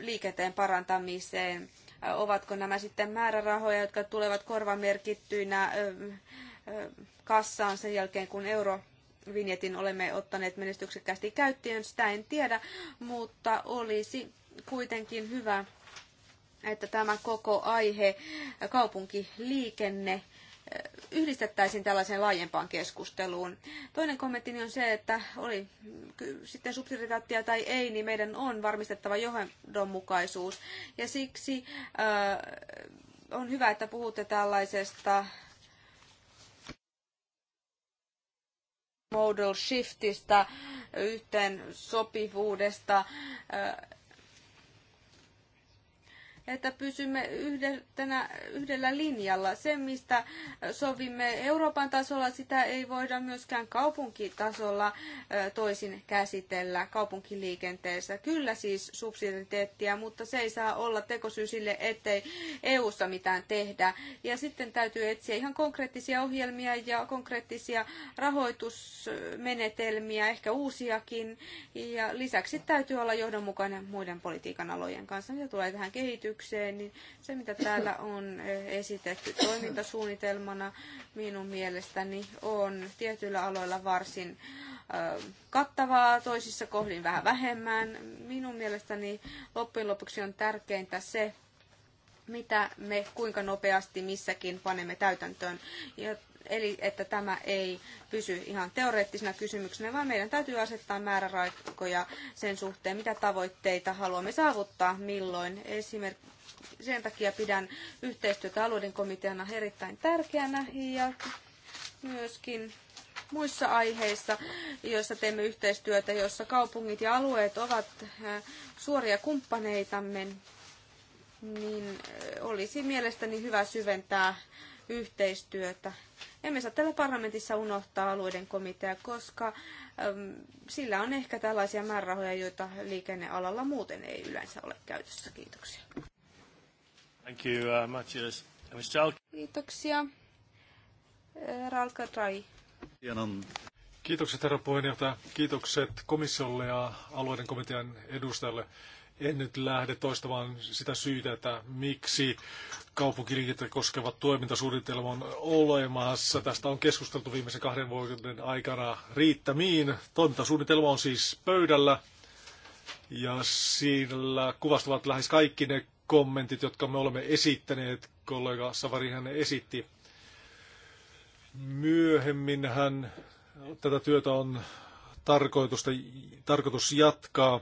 liikenteen parantamiseen. Ovatko nämä sitten määrärahoja, jotka tulevat korvamerkittyinä kassaan sen jälkeen, kun euro vinjetin olemme ottaneet menestyksekkäästi käyttöön, sitä en tiedä, mutta olisi kuitenkin hyvä, että tämä koko aihe kaupunkiliikenne eh, yhdistettäisiin tällaiseen laajempaan keskusteluun. Toinen kommenttini on se, että oli sitten subsidiariteettia tai ei, niin meidän on varmistettava johdonmukaisuus. Ja siksi äh, on hyvä, että puhutte tällaisesta modal shiftistä, yhteen sopivuudesta, että pysymme yhdellä, yhdellä linjalla. Se, mistä sovimme Euroopan tasolla, sitä ei voida myöskään kaupunkitasolla toisin käsitellä kaupunkiliikenteessä. Kyllä siis subsidiariteettia, mutta se ei saa olla tekosyy sille, ettei EU-ssa mitään tehdä. Ja sitten täytyy etsiä ihan konkreettisia ohjelmia ja konkreettisia rahoitusmenetelmiä, ehkä uusiakin. Ja lisäksi täytyy olla johdonmukainen muiden politiikan alojen kanssa, mitä tulee tähän kehitykseen esitykseen, niin se mitä täällä on eh, esitetty toimintasuunnitelmana minun mielestäni on tietyillä aloilla varsin eh, kattavaa, toisissa kohdin vähän vähemmän. Minun mielestäni loppujen lopuksi on tärkeintä se, mitä me kuinka nopeasti missäkin panemme täytäntöön. Ja eli että tämä ei pysy ihan teoreettisena kysymyksenä, vaan meidän täytyy asettaa määräraikoja sen suhteen, mitä tavoitteita haluamme saavuttaa milloin. Esimerkiksi sen takia pidän yhteistyötä alueiden komiteana erittäin tärkeänä ja myöskin muissa aiheissa, joissa teemme yhteistyötä, joissa kaupungit ja alueet ovat äh, suoria kumppaneitamme, niin äh, olisi mielestäni hyvä syventää yhteistyötä. Emme saa täällä parlamentissa unohtaa alueiden komitea, koska äm, sillä on ehkä tällaisia määrärahoja, joita liikennealalla muuten ei yleensä ole käytössä. Kiitoksia. Thank you, uh, Matthias. Uh, Kiitoksia. Uh, Ralka Trai. Kiitokset herra puheenjohtaja. Kiitokset komissiolle ja alueiden komitean edustajalle. En nyt lähde toistamaan sitä syytä, että miksi kaupunkiliikettä koskevat toimintasuunnitelma on olemassa. Tästä on keskusteltu viimeisen kahden vuoden aikana riittämiin. Toimintasuunnitelma on siis pöydällä ja siinä kuvastavat lähes kaikki ne kommentit, jotka me olemme esittäneet. Kollega Savari hän esitti. Myöhemmin hän tätä työtä on tarkoitus jatkaa.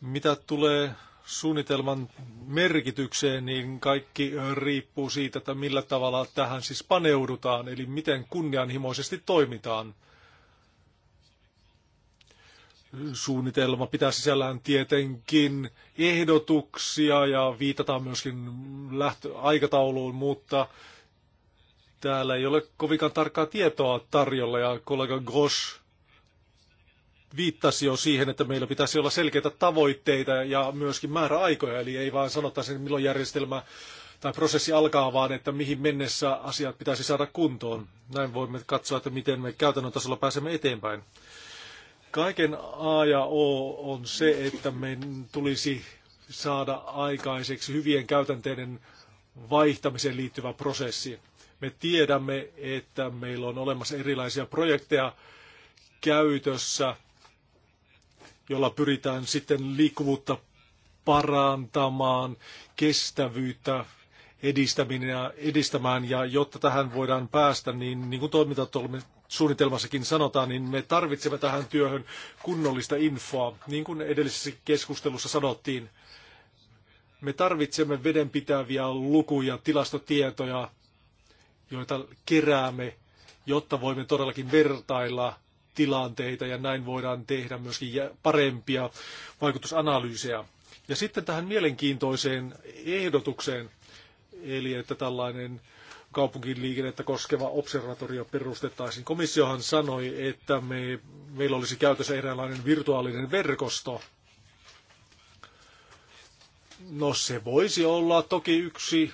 Mitä tulee suunnitelman merkitykseen, niin kaikki riippuu siitä, että millä tavalla tähän siis paneudutaan, eli miten kunnianhimoisesti toimitaan. Suunnitelma pitää sisällään tietenkin ehdotuksia ja viitataan myöskin lähtöaikatauluun, mutta täällä ei ole kovinkaan tarkkaa tietoa tarjolla ja kollega Gosh viittasi jo siihen, että meillä pitäisi olla selkeitä tavoitteita ja myöskin määräaikoja, eli ei vaan sanottaisi, milloin järjestelmä tai prosessi alkaa, vaan että mihin mennessä asiat pitäisi saada kuntoon. Näin voimme katsoa, että miten me käytännön tasolla pääsemme eteenpäin. Kaiken A ja O on se, että meidän tulisi saada aikaiseksi hyvien käytänteiden vaihtamiseen liittyvä prosessi. Me tiedämme, että meillä on olemassa erilaisia projekteja käytössä – jolla pyritään sitten liikkuvuutta parantamaan, kestävyyttä edistäminen ja edistämään, ja jotta tähän voidaan päästä, niin niin kuin toimintasuunnitelmassakin sanotaan, niin me tarvitsemme tähän työhön kunnollista infoa. Niin kuin edellisessä keskustelussa sanottiin, me tarvitsemme vedenpitäviä lukuja, tilastotietoja, joita keräämme, jotta voimme todellakin vertailla – tilanteita ja näin voidaan tehdä myöskin parempia vaikutusanalyysejä. Ja sitten tähän mielenkiintoiseen ehdotukseen, eli että tällainen kaupunkin liikennettä koskeva observatorio perustettaisiin. Komissiohan sanoi, että me, meillä olisi käytössä eräänlainen virtuaalinen verkosto. No se voisi olla toki yksi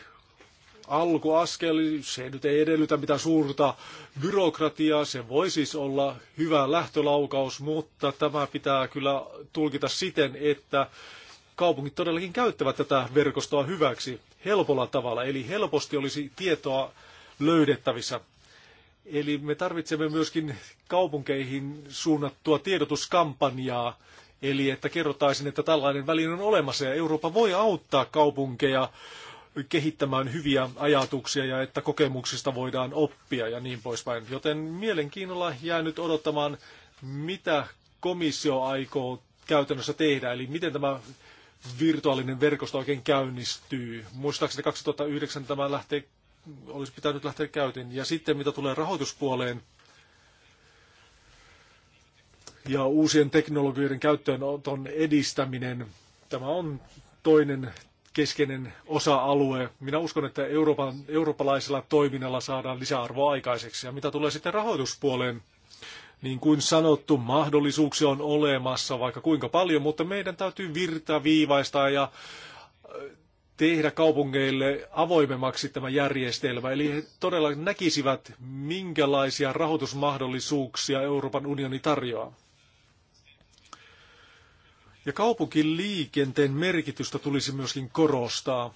alkuaskeli, se nyt ei edellytä mitään suurta byrokratiaa, se voi siis olla hyvä lähtölaukaus, mutta tämä pitää kyllä tulkita siten, että kaupungit todellakin käyttävät tätä verkostoa hyväksi helpolla tavalla, eli helposti olisi tietoa löydettävissä. Eli me tarvitsemme myöskin kaupunkeihin suunnattua tiedotuskampanjaa, eli että kerrotaisiin, että tällainen väline on olemassa ja Eurooppa voi auttaa kaupunkeja kehittämään hyviä ajatuksia ja että kokemuksista voidaan oppia ja niin poispäin. Joten mielenkiinnolla jää nyt odottamaan, mitä komissio aikoo käytännössä tehdä, eli miten tämä virtuaalinen verkosto oikein käynnistyy. Muistaakseni 2009 tämä lähtee, olisi pitänyt lähteä käytiin. Ja sitten mitä tulee rahoituspuoleen ja uusien teknologioiden käyttöönoton edistäminen, tämä on toinen keskeinen osa-alue. Minä uskon, että Euroopan, eurooppalaisella toiminnalla saadaan lisäarvoa aikaiseksi. Ja mitä tulee sitten rahoituspuoleen, niin kuin sanottu, mahdollisuuksia on olemassa vaikka kuinka paljon, mutta meidän täytyy virtaviivaistaa ja tehdä kaupungeille avoimemmaksi tämä järjestelmä. Eli he todella näkisivät, minkälaisia rahoitusmahdollisuuksia Euroopan unioni tarjoaa. Ja liikenteen merkitystä tulisi myöskin korostaa,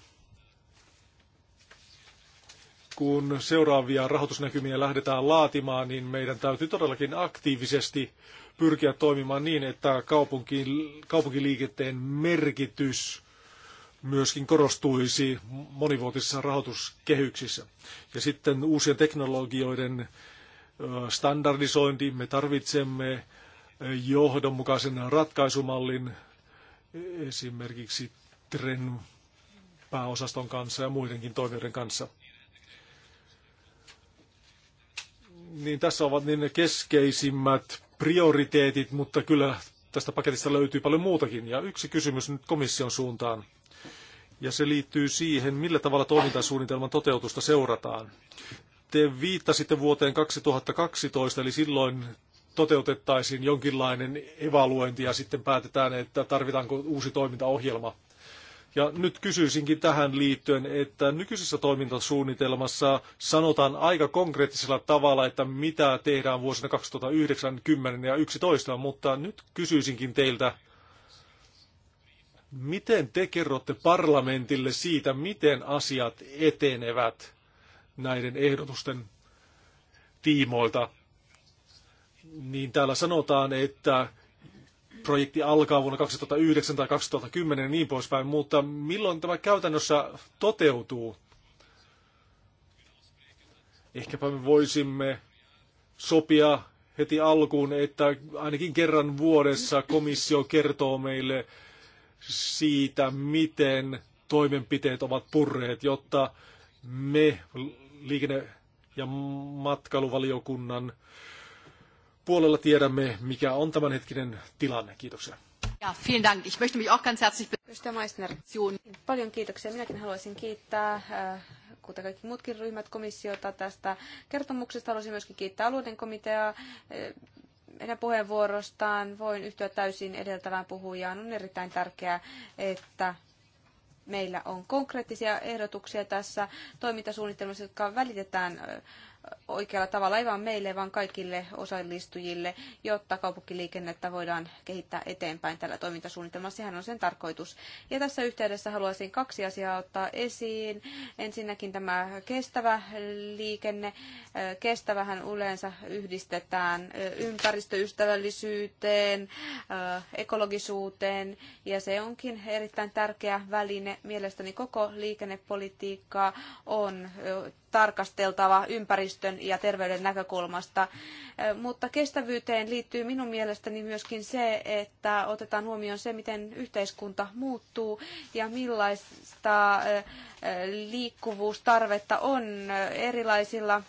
kun seuraavia rahoitusnäkymiä lähdetään laatimaan, niin meidän täytyy todellakin aktiivisesti pyrkiä toimimaan niin, että kaupunki, kaupunkiliikenteen merkitys myöskin korostuisi monivuotisissa rahoituskehyksissä. Ja sitten uusien teknologioiden standardisointi, me tarvitsemme johdonmukaisen ratkaisumallin esimerkiksi TREN pääosaston kanssa ja muidenkin toimijoiden kanssa. Niin tässä ovat niin ne keskeisimmät prioriteetit, mutta kyllä tästä paketista löytyy paljon muutakin. Ja yksi kysymys nyt komission suuntaan. Ja se liittyy siihen, millä tavalla toimintasuunnitelman toteutusta seurataan. Te viittasitte vuoteen 2012, eli silloin toteutettaisiin jonkinlainen evaluointi ja sitten päätetään, että tarvitaanko uusi toimintaohjelma. Ja nyt kysyisinkin tähän liittyen, että nykyisessä toimintasuunnitelmassa sanotaan aika konkreettisella tavalla, että mitä tehdään vuosina 2009, 10 ja 11, mutta nyt kysyisinkin teiltä, miten te kerrotte parlamentille siitä, miten asiat etenevät näiden ehdotusten tiimoilta? niin täällä sanotaan, että projekti alkaa vuonna 2009 tai 2010 ja niin poispäin, mutta milloin tämä käytännössä toteutuu? Ehkäpä me voisimme sopia heti alkuun, että ainakin kerran vuodessa komissio kertoo meille siitä, miten toimenpiteet ovat purreet, jotta me liikenne- ja matkailuvaliokunnan puolella tiedämme, mikä on tämänhetkinen tilanne. Kiitoksia. Ja, vielen Dank. Ich möchte mich auch ganz herzlich Paljon kiitoksia. Minäkin haluaisin kiittää, äh, kuten kaikki muutkin ryhmät, komissiota tästä kertomuksesta. Haluaisin myöskin kiittää alueiden komiteaa äh, heidän puheenvuorostaan. Voin yhtyä täysin edeltävään puhujaan. On erittäin tärkeää, että meillä on konkreettisia ehdotuksia tässä toimintasuunnitelmassa, jotka välitetään äh, oikealla tavalla, ei vain meille, vaan kaikille osallistujille, jotta kaupunkiliikennettä voidaan kehittää eteenpäin tällä toimintasuunnitelmalla. Sehän on sen tarkoitus. Ja tässä yhteydessä haluaisin kaksi asiaa ottaa esiin. Ensinnäkin tämä kestävä liikenne. Kestävähän yleensä yhdistetään ympäristöystävällisyyteen, ekologisuuteen, ja se onkin erittäin tärkeä väline. Mielestäni koko liikennepolitiikkaa on tarkasteltava ympäristön ja terveyden näkökulmasta. Mutta kestävyyteen liittyy minun mielestäni myöskin se, että otetaan huomioon se, miten yhteiskunta muuttuu ja millaista liikkuvuustarvetta on erilaisilla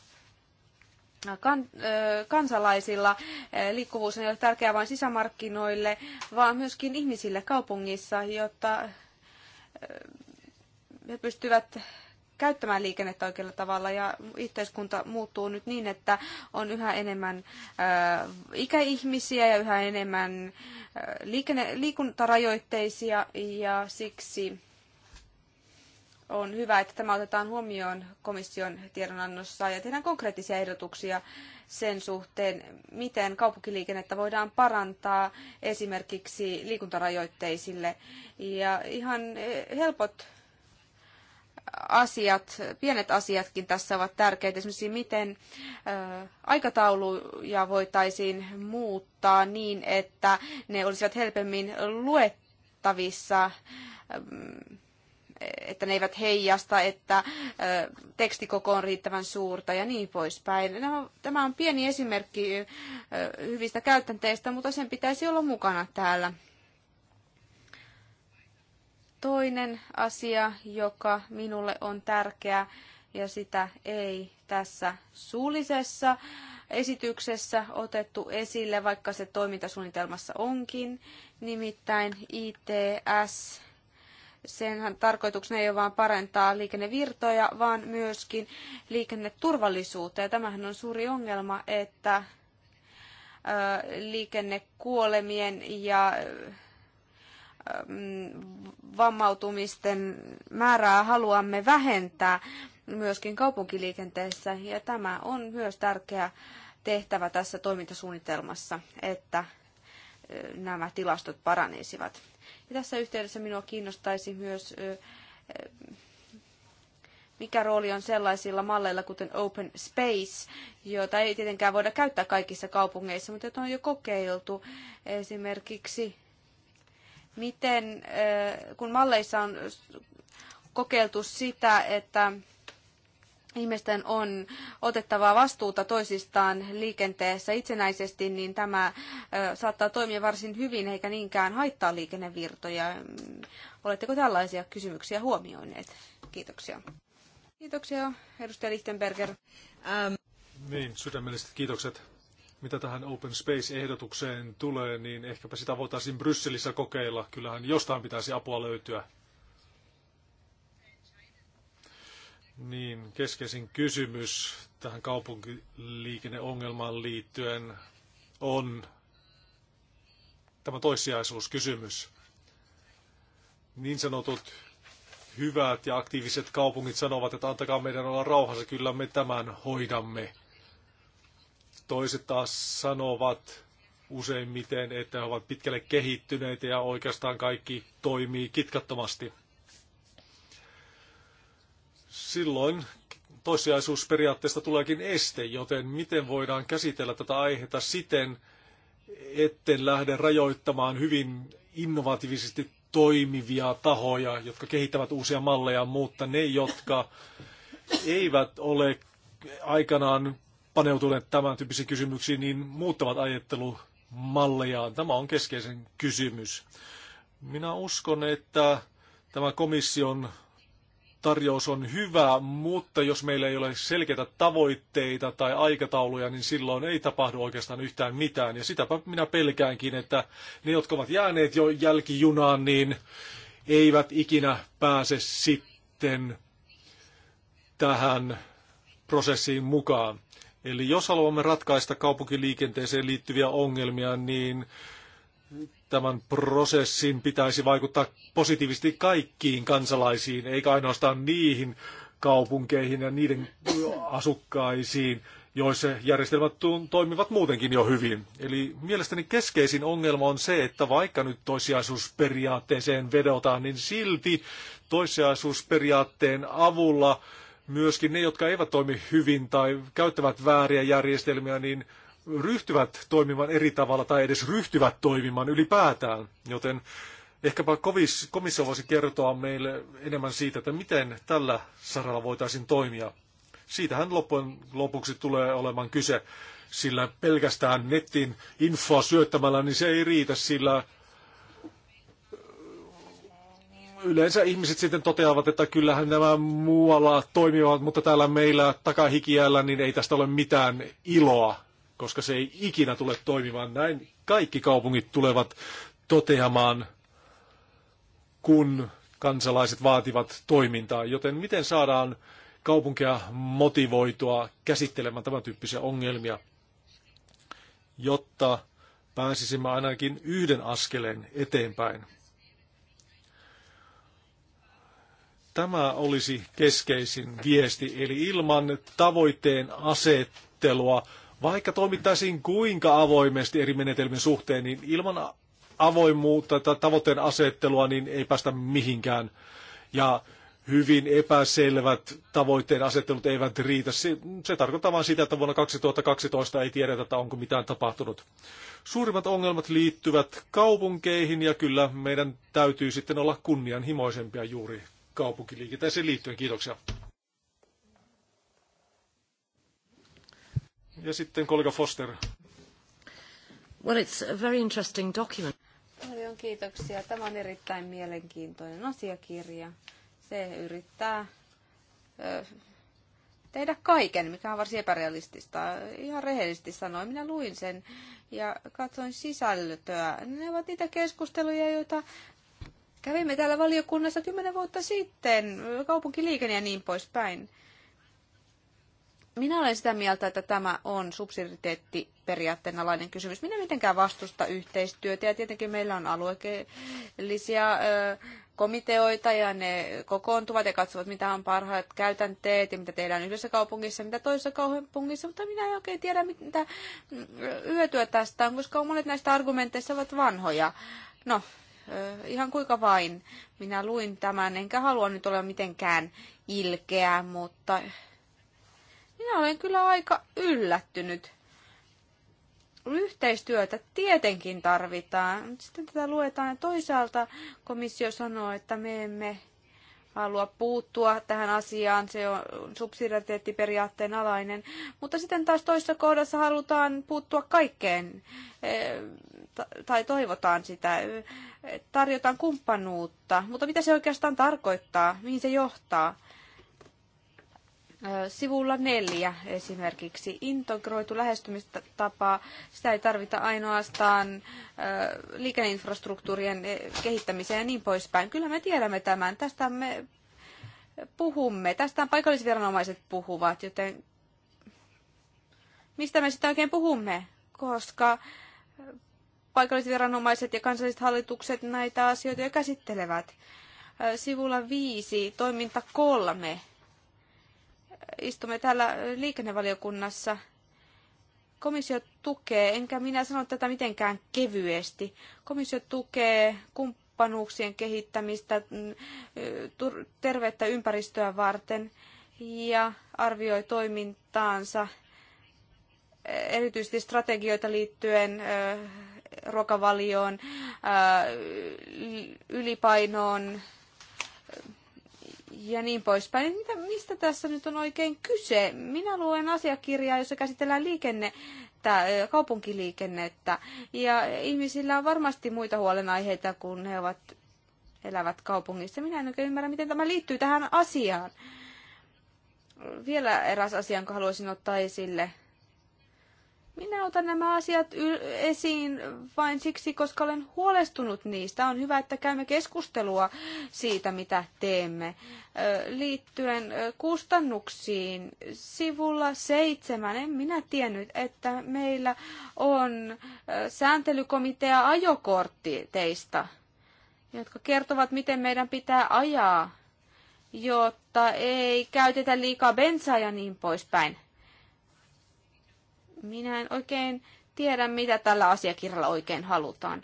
kansalaisilla. Liikkuvuus ei ole tärkeää vain sisämarkkinoille, vaan myöskin ihmisille kaupungissa, jotta he pystyvät käyttämään liikennettä oikealla tavalla ja yhteiskunta muuttuu nyt niin, että on yhä enemmän ikäihmisiä ja yhä enemmän liikenne, liikuntarajoitteisia ja siksi on hyvä, että tämä otetaan huomioon komission tiedonannossa ja tehdään konkreettisia ehdotuksia sen suhteen, miten kaupunkiliikennettä voidaan parantaa esimerkiksi liikuntarajoitteisille. Ja ihan eh, helpot asiat, pienet asiatkin tässä ovat tärkeitä. Esimerkiksi miten aikatauluja voitaisiin muuttaa niin, että ne olisivat helpommin luettavissa että ne eivät heijasta, että tekstikoko on riittävän suurta ja niin poispäin. Tämä on pieni esimerkki hyvistä käytänteistä, mutta sen pitäisi olla mukana täällä Toinen asia, joka minulle on tärkeä, ja sitä ei tässä suullisessa esityksessä otettu esille, vaikka se toimintasuunnitelmassa onkin, nimittäin ITS. Senhän tarkoituksena ei ole vain parantaa liikennevirtoja, vaan myöskin liikenneturvallisuutta. Ja tämähän on suuri ongelma, että liikennekuolemien ja Ähm, vammautumisten määrää haluamme vähentää myöskin kaupunkiliikenteessä. Ja tämä on myös tärkeä tehtävä tässä toimintasuunnitelmassa, että äh, nämä tilastot paranisivat. Ja tässä yhteydessä minua kiinnostaisi myös, äh, äh, mikä rooli on sellaisilla malleilla kuten Open Space, jota ei tietenkään voida käyttää kaikissa kaupungeissa, mutta jota on jo kokeiltu esimerkiksi miten, kun malleissa on kokeiltu sitä, että ihmisten on otettava vastuuta toisistaan liikenteessä itsenäisesti, niin tämä saattaa toimia varsin hyvin eikä niinkään haittaa liikennevirtoja. Oletteko tällaisia kysymyksiä huomioineet? Kiitoksia. Kiitoksia, edustaja Lichtenberger. Ähm. Niin, sydämelliset kiitokset. Mitä tähän Open Space-ehdotukseen tulee, niin ehkäpä sitä voitaisiin Brysselissä kokeilla. Kyllähän jostain pitäisi apua löytyä. Niin, keskeisin kysymys tähän kaupunkiliikenneongelmaan liittyen on tämä toissijaisuuskysymys. Niin sanotut hyvät ja aktiiviset kaupungit sanovat, että antakaa meidän olla rauhassa, kyllä me tämän hoidamme. Toiset taas sanovat useimmiten, että he ovat pitkälle kehittyneitä ja oikeastaan kaikki toimii kitkattomasti. Silloin toissijaisuusperiaatteesta tuleekin este, joten miten voidaan käsitellä tätä aihetta siten, etten lähde rajoittamaan hyvin innovatiivisesti toimivia tahoja, jotka kehittävät uusia malleja, mutta ne, jotka eivät ole aikanaan paneutuneet tämän tyyppisiin kysymyksiin, niin muuttavat ajattelumallejaan. Tämä on keskeisen kysymys. Minä uskon, että tämä komission tarjous on hyvä, mutta jos meillä ei ole selkeitä tavoitteita tai aikatauluja, niin silloin ei tapahdu oikeastaan yhtään mitään. Ja sitäpä minä pelkäänkin, että ne, jotka ovat jääneet jo jälkijunaan, niin eivät ikinä pääse sitten tähän prosessiin mukaan. Eli jos haluamme ratkaista kaupunkiliikenteeseen liittyviä ongelmia, niin tämän prosessin pitäisi vaikuttaa positiivisesti kaikkiin kansalaisiin, eikä ainoastaan niihin kaupunkeihin ja niiden asukkaisiin, joissa järjestelmät toimivat muutenkin jo hyvin. Eli mielestäni keskeisin ongelma on se, että vaikka nyt toissijaisuusperiaatteeseen vedotaan, niin silti toissijaisuusperiaatteen avulla myöskin ne, jotka eivät toimi hyvin tai käyttävät vääriä järjestelmiä, niin ryhtyvät toimimaan eri tavalla tai edes ryhtyvät toimimaan ylipäätään. Joten ehkäpä komissio voisi kertoa meille enemmän siitä, että miten tällä saralla voitaisiin toimia. Siitähän loppujen lopuksi tulee olemaan kyse, sillä pelkästään netin infoa syöttämällä, niin se ei riitä, sillä yleensä ihmiset sitten toteavat, että kyllähän nämä muualla toimivat, mutta täällä meillä takahikiällä niin ei tästä ole mitään iloa, koska se ei ikinä tule toimimaan. Näin kaikki kaupungit tulevat toteamaan, kun kansalaiset vaativat toimintaa. Joten miten saadaan kaupunkeja motivoitua käsittelemään tämän tyyppisiä ongelmia, jotta pääsisimme ainakin yhden askeleen eteenpäin. Tämä olisi keskeisin viesti, eli ilman tavoitteen asettelua, vaikka toimittaisiin kuinka avoimesti eri menetelmien suhteen, niin ilman avoimuutta tai tavoitteen asettelua, niin ei päästä mihinkään. Ja hyvin epäselvät tavoitteen asettelut eivät riitä. Se, se tarkoittaa vain sitä, että vuonna 2012 ei tiedetä, että onko mitään tapahtunut. Suurimmat ongelmat liittyvät kaupunkeihin ja kyllä meidän täytyy sitten olla kunnianhimoisempia juuri kaupunkiliikenteeseen liittyen. Kiitoksia. Ja sitten kollega Foster. Well, it's a very interesting document. Paljon kiitoksia. Tämä on erittäin mielenkiintoinen asiakirja. Se yrittää tehdä kaiken, mikä on varsin epärealistista. Ihan rehellisesti sanoin, minä luin sen ja katsoin sisältöä. Ne ovat niitä keskusteluja, joita Kävimme täällä valiokunnassa kymmenen vuotta sitten, kaupunkiliikenne ja niin poispäin. Minä olen sitä mieltä, että tämä on subsidiariteettiperiaatteen alainen kysymys. Minä mitenkään vastusta yhteistyötä ja tietenkin meillä on alueellisia komiteoita ja ne kokoontuvat ja katsovat, mitä on parhaat käytänteet ja mitä tehdään yhdessä kaupungissa, mitä toisessa kaupungissa, mutta minä en oikein tiedä, mitä hyötyä mm, tästä on, koska monet näistä argumenteista ovat vanhoja. No, ihan kuinka vain. Minä luin tämän, enkä halua nyt olla mitenkään ilkeä, mutta minä olen kyllä aika yllättynyt. Yhteistyötä tietenkin tarvitaan. Sitten tätä luetaan ja toisaalta komissio sanoo, että me emme halua puuttua tähän asiaan, se on subsidiariteettiperiaatteen alainen, mutta sitten taas toisessa kohdassa halutaan puuttua kaikkeen tai toivotaan sitä, tarjotaan kumppanuutta, mutta mitä se oikeastaan tarkoittaa, mihin se johtaa? Sivulla neljä esimerkiksi. Integroitu lähestymistapa, sitä ei tarvita ainoastaan liikenneinfrastruktuurien e, kehittämiseen ja niin poispäin. Kyllä me tiedämme tämän, tästä me puhumme, tästä paikallisviranomaiset puhuvat, joten mistä me sitä oikein puhumme? Koska paikalliset viranomaiset ja kansalliset hallitukset näitä asioita jo käsittelevät. Sivulla viisi, toiminta kolme. Istumme täällä liikennevaliokunnassa. Komissio tukee, enkä minä sano tätä mitenkään kevyesti. Komissio tukee kumppanuuksien kehittämistä mm, terveyttä ympäristöä varten ja arvioi toimintaansa e, erityisesti strategioita liittyen ruokavalioon, äh, ylipainoon ja niin poispäin. Mitä, mistä tässä nyt on oikein kyse? Minä luen asiakirjaa, jossa käsitellään liikenne että kaupunkiliikennettä. Ja ihmisillä on varmasti muita huolenaiheita, kun he ovat, elävät kaupungissa. Minä en oikein ymmärrä, miten tämä liittyy tähän asiaan. Vielä eräs asia, jonka haluaisin ottaa esille. Minä otan nämä asiat esiin vain siksi, koska olen huolestunut niistä. On hyvä, että käymme keskustelua siitä, mitä teemme. Liittyen kustannuksiin, sivulla seitsemän, en minä tiennyt, että meillä on sääntelykomitea ajokortti teistä, jotka kertovat, miten meidän pitää ajaa, jotta ei käytetä liikaa bensaa ja niin poispäin. Minä en oikein tiedä, mitä tällä asiakirjalla oikein halutaan.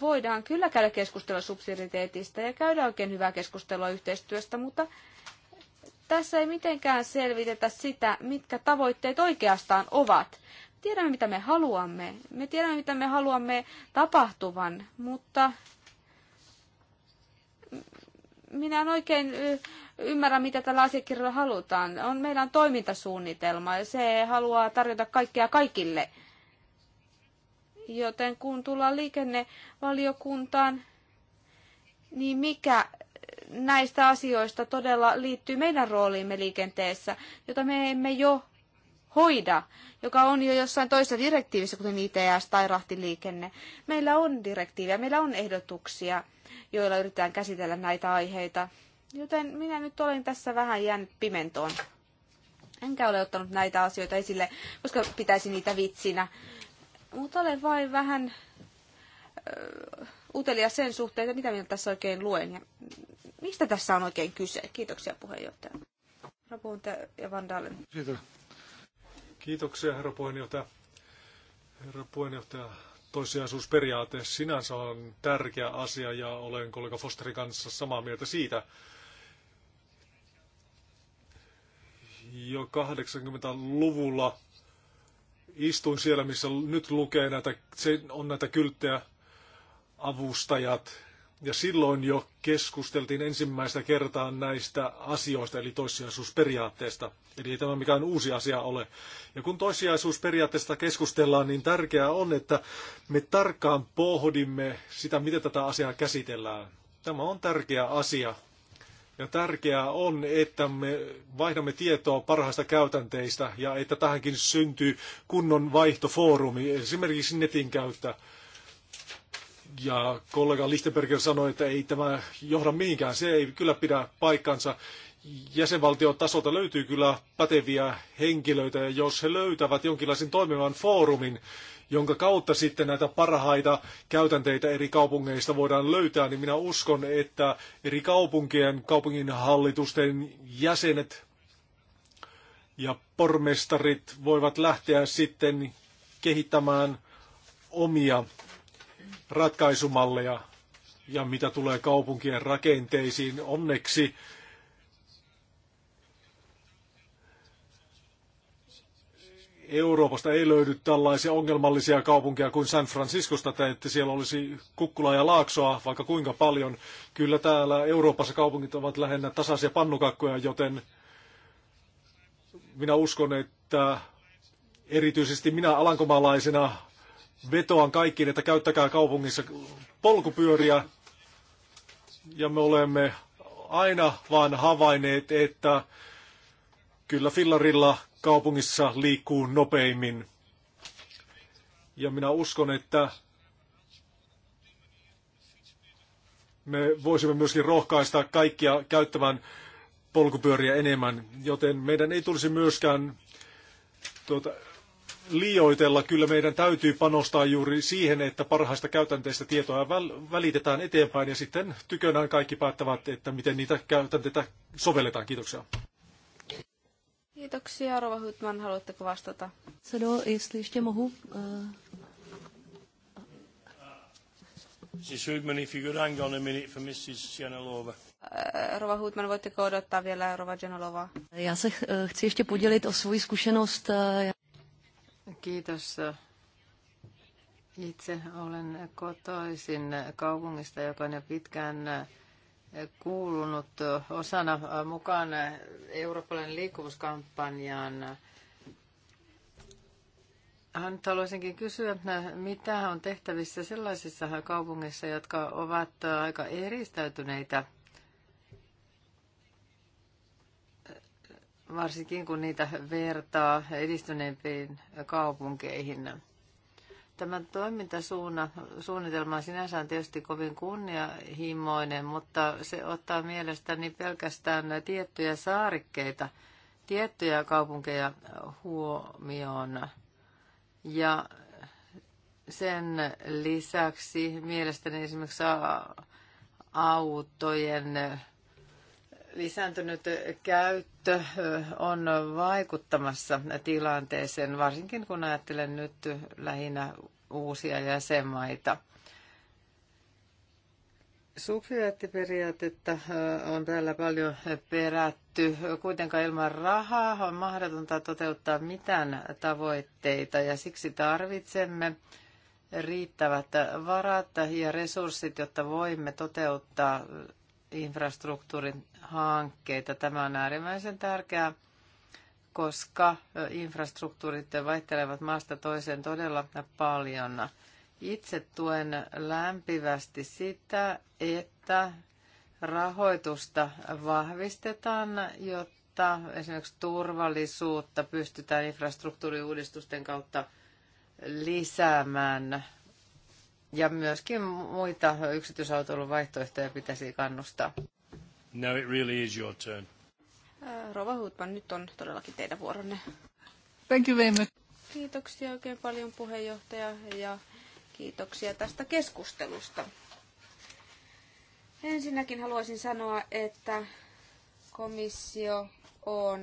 Voidaan kyllä käydä keskustelua subsidiariteetista ja käydä oikein hyvää keskustelua yhteistyöstä, mutta tässä ei mitenkään selvitetä sitä, mitkä tavoitteet oikeastaan ovat. Tiedämme, mitä me haluamme. Me tiedämme, mitä me haluamme tapahtuvan, mutta minä en oikein ymmärrä, mitä tällä asiakirjalla halutaan. On, meillä on toimintasuunnitelma ja se haluaa tarjota kaikkea kaikille. Joten kun tullaan liikennevaliokuntaan, niin mikä näistä asioista todella liittyy meidän rooliimme liikenteessä, jota me emme jo hoida, joka on jo jossain toisessa direktiivissä, kuten ITS tai rahtiliikenne. Meillä on direktiiviä, meillä on ehdotuksia, joilla yritetään käsitellä näitä aiheita. Joten minä nyt olen tässä vähän jäänyt pimentoon. Enkä ole ottanut näitä asioita esille, koska pitäisi niitä vitsinä. Mutta olen vain vähän ö, utelia sen suhteen, että mitä minä tässä oikein luen ja mistä tässä on oikein kyse. Kiitoksia puheenjohtaja. Rapunta ja Vandalen. Kiitos. Kiitoksia, herra puheenjohtaja. Herra puheenjohtaja, toissijaisuusperiaate sinänsä on tärkeä asia ja olen kollega Fosterin kanssa samaa mieltä siitä. Jo 80-luvulla istuin siellä, missä nyt lukee näitä, on näitä kylttejä avustajat ja silloin jo keskusteltiin ensimmäistä kertaa näistä asioista, eli toissijaisuusperiaatteesta. Eli ei tämä mikään uusi asia ole. Ja kun toissijaisuusperiaatteesta keskustellaan, niin tärkeää on, että me tarkkaan pohdimme sitä, miten tätä asiaa käsitellään. Tämä on tärkeä asia. Ja tärkeää on, että me vaihdamme tietoa parhaista käytänteistä ja että tähänkin syntyy kunnon vaihtofoorumi, esimerkiksi netin käyttä ja kollega Lichtenberger sanoi, että ei tämä johda mihinkään. Se ei kyllä pidä paikkansa. Jäsenvaltiotasolta tasolta löytyy kyllä päteviä henkilöitä, ja jos he löytävät jonkinlaisen toimivan foorumin, jonka kautta sitten näitä parhaita käytänteitä eri kaupungeista voidaan löytää, niin minä uskon, että eri kaupunkien, kaupunginhallitusten jäsenet ja pormestarit voivat lähteä sitten kehittämään omia ratkaisumalleja. Ja mitä tulee kaupunkien rakenteisiin, onneksi Euroopasta ei löydy tällaisia ongelmallisia kaupunkeja kuin San Franciscosta, että siellä olisi kukkulaa ja laaksoa vaikka kuinka paljon. Kyllä täällä Euroopassa kaupungit ovat lähinnä tasaisia pannukakkoja, joten minä uskon, että erityisesti minä alankomaalaisena vetoan kaikkiin, että käyttäkää kaupungissa polkupyöriä. Ja me olemme aina vaan havainneet, että kyllä fillarilla kaupungissa liikkuu nopeimmin. Ja minä uskon, että me voisimme myöskin rohkaista kaikkia käyttämään polkupyöriä enemmän, joten meidän ei tulisi myöskään tuota, liioitella. Kyllä meidän täytyy panostaa juuri siihen, että parhaista käytänteistä tietoa välitetään eteenpäin ja sitten tykönään kaikki päättävät, että miten niitä käytänteitä sovelletaan. Kiitoksia. Kiitoksia. Rova Hytman, haluatteko vastata? Sado, jestli ještě mohu. Eh. Siis Hytman, if you hang on a minute for Mrs. Janalova. Eh, Rova Hutman, voitteko odottaa vielä Rova Janolova? Ja se eh, chci ještě podělit o svoji zkušenost. Kiitos. Itse olen kotoisin kaupungista, joka on jo pitkään kuulunut osana mukaan Euroopan liikkuvuuskampanjaan. haluaisinkin kysyä, mitä on tehtävissä sellaisissa kaupungeissa, jotka ovat aika eristäytyneitä – varsinkin kun niitä vertaa edistyneimpiin kaupunkeihin. Tämä toimintasuunnitelma on sinänsä on tietysti kovin kunnianhimoinen, mutta se ottaa mielestäni pelkästään tiettyjä saarikkeita, tiettyjä kaupunkeja huomioon. Ja sen lisäksi mielestäni esimerkiksi autojen lisääntynyt käyttö on vaikuttamassa tilanteeseen, varsinkin kun ajattelen nyt lähinnä uusia jäsenmaita. Subsidiaattiperiaatetta on täällä paljon perätty. Kuitenkaan ilman rahaa on mahdotonta toteuttaa mitään tavoitteita ja siksi tarvitsemme riittävät varat ja resurssit, jotta voimme toteuttaa infrastruktuurin hankkeita. Tämä on äärimmäisen tärkeää, koska infrastruktuurit vaihtelevat maasta toiseen todella paljon. Itse tuen lämpivästi sitä, että rahoitusta vahvistetaan, jotta esimerkiksi turvallisuutta pystytään infrastruktuuriuudistusten kautta lisäämään ja myöskin muita yksityisautoilun vaihtoehtoja pitäisi kannustaa. Now it really is your turn. Äh, Rova Hutman, nyt on todellakin teidän vuoronne. Thank you very much. Kiitoksia oikein paljon puheenjohtaja ja kiitoksia tästä keskustelusta. Ensinnäkin haluaisin sanoa, että komissio on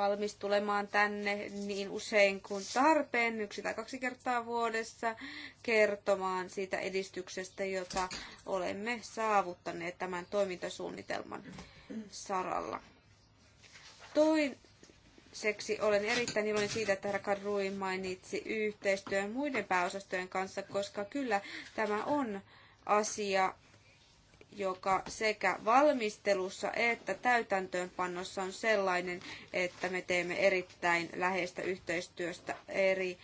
valmis tulemaan tänne niin usein kuin tarpeen, yksi tai kaksi kertaa vuodessa, kertomaan siitä edistyksestä, jota olemme saavuttaneet tämän toimintasuunnitelman saralla. Toin, Seksi olen erittäin iloinen siitä, että herra Karui mainitsi yhteistyön muiden pääosastojen kanssa, koska kyllä tämä on asia, joka sekä valmistelussa että täytäntöönpannossa on sellainen, että me teemme erittäin läheistä yhteistyöstä eri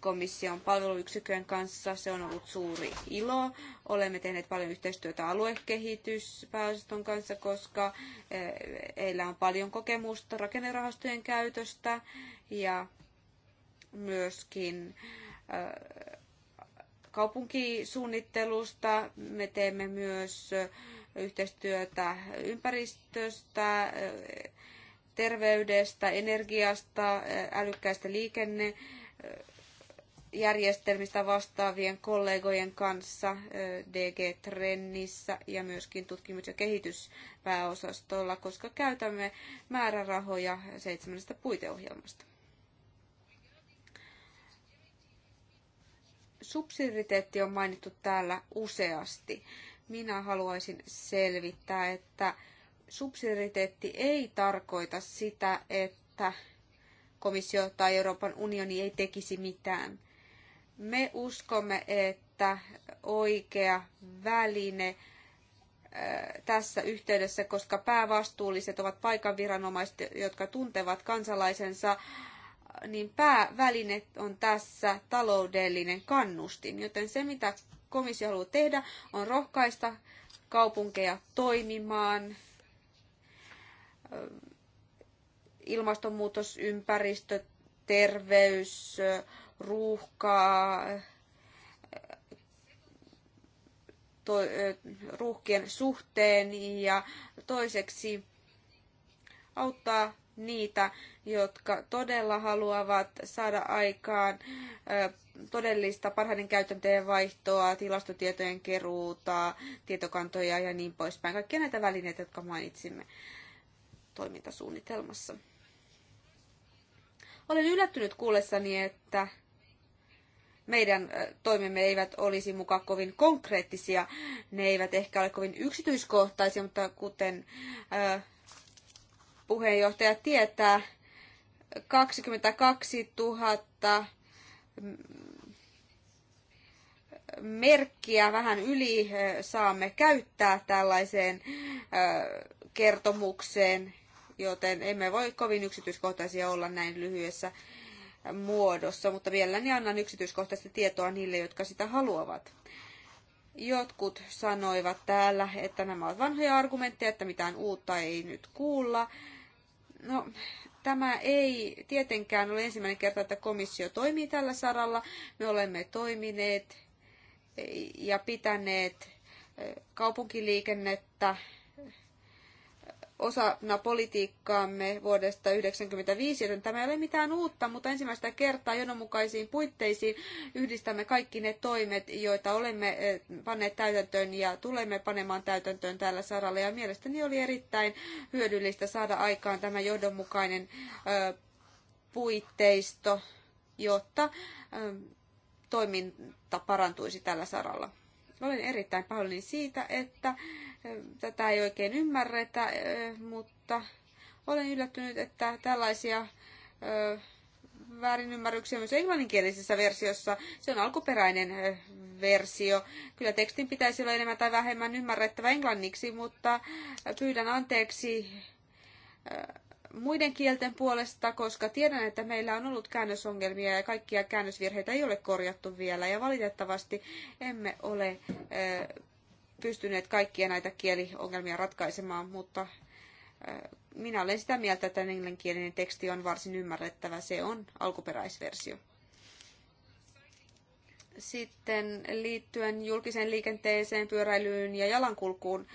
komission palveluyksikön kanssa. Se on ollut suuri ilo. Olemme tehneet paljon yhteistyötä aluekehityspääosaston kanssa, koska heillä on paljon kokemusta rakennerahastojen käytöstä ja myöskin kaupunkisuunnittelusta. Me teemme myös yhteistyötä ympäristöstä, terveydestä, energiasta, älykkäistä liikenne järjestelmistä vastaavien kollegojen kanssa DG Trennissä ja myöskin tutkimus- ja kehityspääosastolla, koska käytämme määrärahoja seitsemästä puiteohjelmasta. subsidiariteetti on mainittu täällä useasti. Minä haluaisin selvittää, että subsidiariteetti ei tarkoita sitä, että komissio tai Euroopan unioni ei tekisi mitään. Me uskomme, että oikea väline äh, tässä yhteydessä, koska päävastuulliset ovat paikan viranomaiset, jotka tuntevat kansalaisensa, niin pääväline on tässä taloudellinen kannustin. Joten se, mitä komissio haluaa tehdä, on rohkaista kaupunkeja toimimaan ilmastonmuutos, ympäristö, terveys, ruuhkaa, to, ruuhkien suhteen ja toiseksi auttaa niitä, jotka todella haluavat saada aikaan todellista parhaiden käytäntöjen vaihtoa, tilastotietojen keruuta, tietokantoja ja niin poispäin. Kaikkia näitä välineitä, jotka mainitsimme toimintasuunnitelmassa. Olen yllättynyt kuullessani, että meidän toimemme eivät olisi mukaan kovin konkreettisia. Ne eivät ehkä ole kovin yksityiskohtaisia, mutta kuten puheenjohtaja tietää, 22 000 merkkiä vähän yli saamme käyttää tällaiseen kertomukseen, joten emme voi kovin yksityiskohtaisia olla näin lyhyessä muodossa, mutta mielelläni annan yksityiskohtaista tietoa niille, jotka sitä haluavat. Jotkut sanoivat täällä, että nämä ovat vanhoja argumentteja, että mitään uutta ei nyt kuulla. No, tämä ei tietenkään ole ensimmäinen kerta, että komissio toimii tällä saralla. Me olemme toimineet ja pitäneet kaupunkiliikennettä osana politiikkaamme vuodesta 1995, joten tämä ei ole mitään uutta, mutta ensimmäistä kertaa johdonmukaisiin puitteisiin yhdistämme kaikki ne toimet, joita olemme eh, panneet täytäntöön ja tulemme panemaan täytäntöön tällä saralla. Ja mielestäni oli erittäin hyödyllistä saada aikaan tämä johdonmukainen eh, puitteisto, jotta eh, toiminta parantuisi tällä saralla. Olen erittäin pahoillani siitä, että tätä ei oikein ymmärretä, mutta olen yllättynyt, että tällaisia väärinymmärryksiä myös englanninkielisessä versiossa. Se on alkuperäinen versio. Kyllä tekstin pitäisi olla enemmän tai vähemmän ymmärrettävä englanniksi, mutta pyydän anteeksi muiden kielten puolesta, koska tiedän, että meillä on ollut käännösongelmia ja kaikkia käännösvirheitä ei ole korjattu vielä. Ja valitettavasti emme ole pystyneet kaikkia näitä kieliongelmia ratkaisemaan, mutta minä olen sitä mieltä, että englanninkielinen teksti on varsin ymmärrettävä. Se on alkuperäisversio. Sitten liittyen julkiseen liikenteeseen, pyöräilyyn ja jalankulkuun.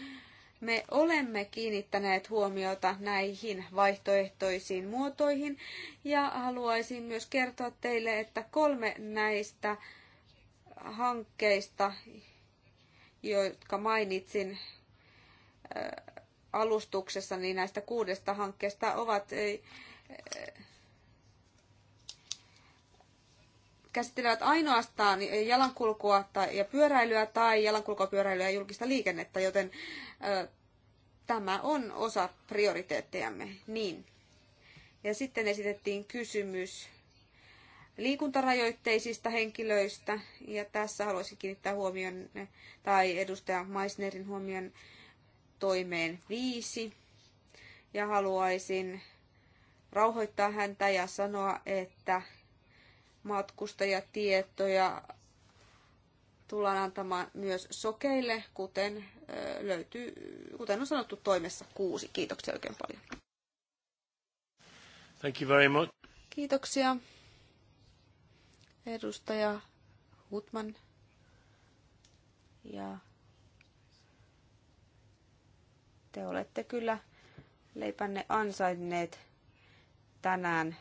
Me olemme kiinnittäneet huomiota näihin vaihtoehtoisiin muotoihin ja haluaisin myös kertoa teille, että kolme näistä hankkeista, jotka mainitsin äh, alustuksessa, niin näistä kuudesta hankkeesta ovat äh, käsittelevät ainoastaan jalankulkua tai, ja pyöräilyä tai jalankulkua, pyöräilyä ja julkista liikennettä, joten tämä on osa prioriteettejamme. Niin. Ja sitten esitettiin kysymys liikuntarajoitteisista henkilöistä, ja tässä haluaisin kiinnittää huomion, tai edustaja Meissnerin huomion toimeen viisi, ja haluaisin rauhoittaa häntä ja sanoa, että matkustajatietoja tullaan antamaan myös sokeille, kuten, löytyy, kuten on sanottu toimessa kuusi. Kiitoksia oikein paljon. Thank you very much. Kiitoksia. Edustaja Hutman ja te olette kyllä leipänne ansainneet tänään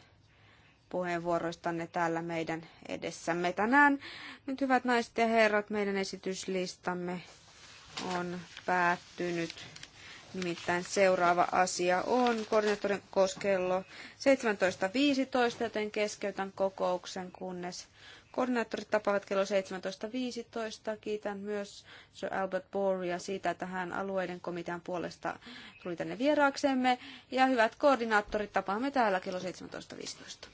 puheenvuoroistanne täällä meidän edessämme tänään. Nyt hyvät naiset ja herrat, meidän esityslistamme on päättynyt. Nimittäin seuraava asia on koordinaattorin koskello 17.15, joten keskeytän kokouksen, kunnes koordinaattorit tapaavat kello 17.15. Kiitän myös Sir Albert Borea siitä, että hän alueiden komitean puolesta tuli tänne vieraaksemme. Ja hyvät koordinaattorit, tapaamme täällä kello 17.15.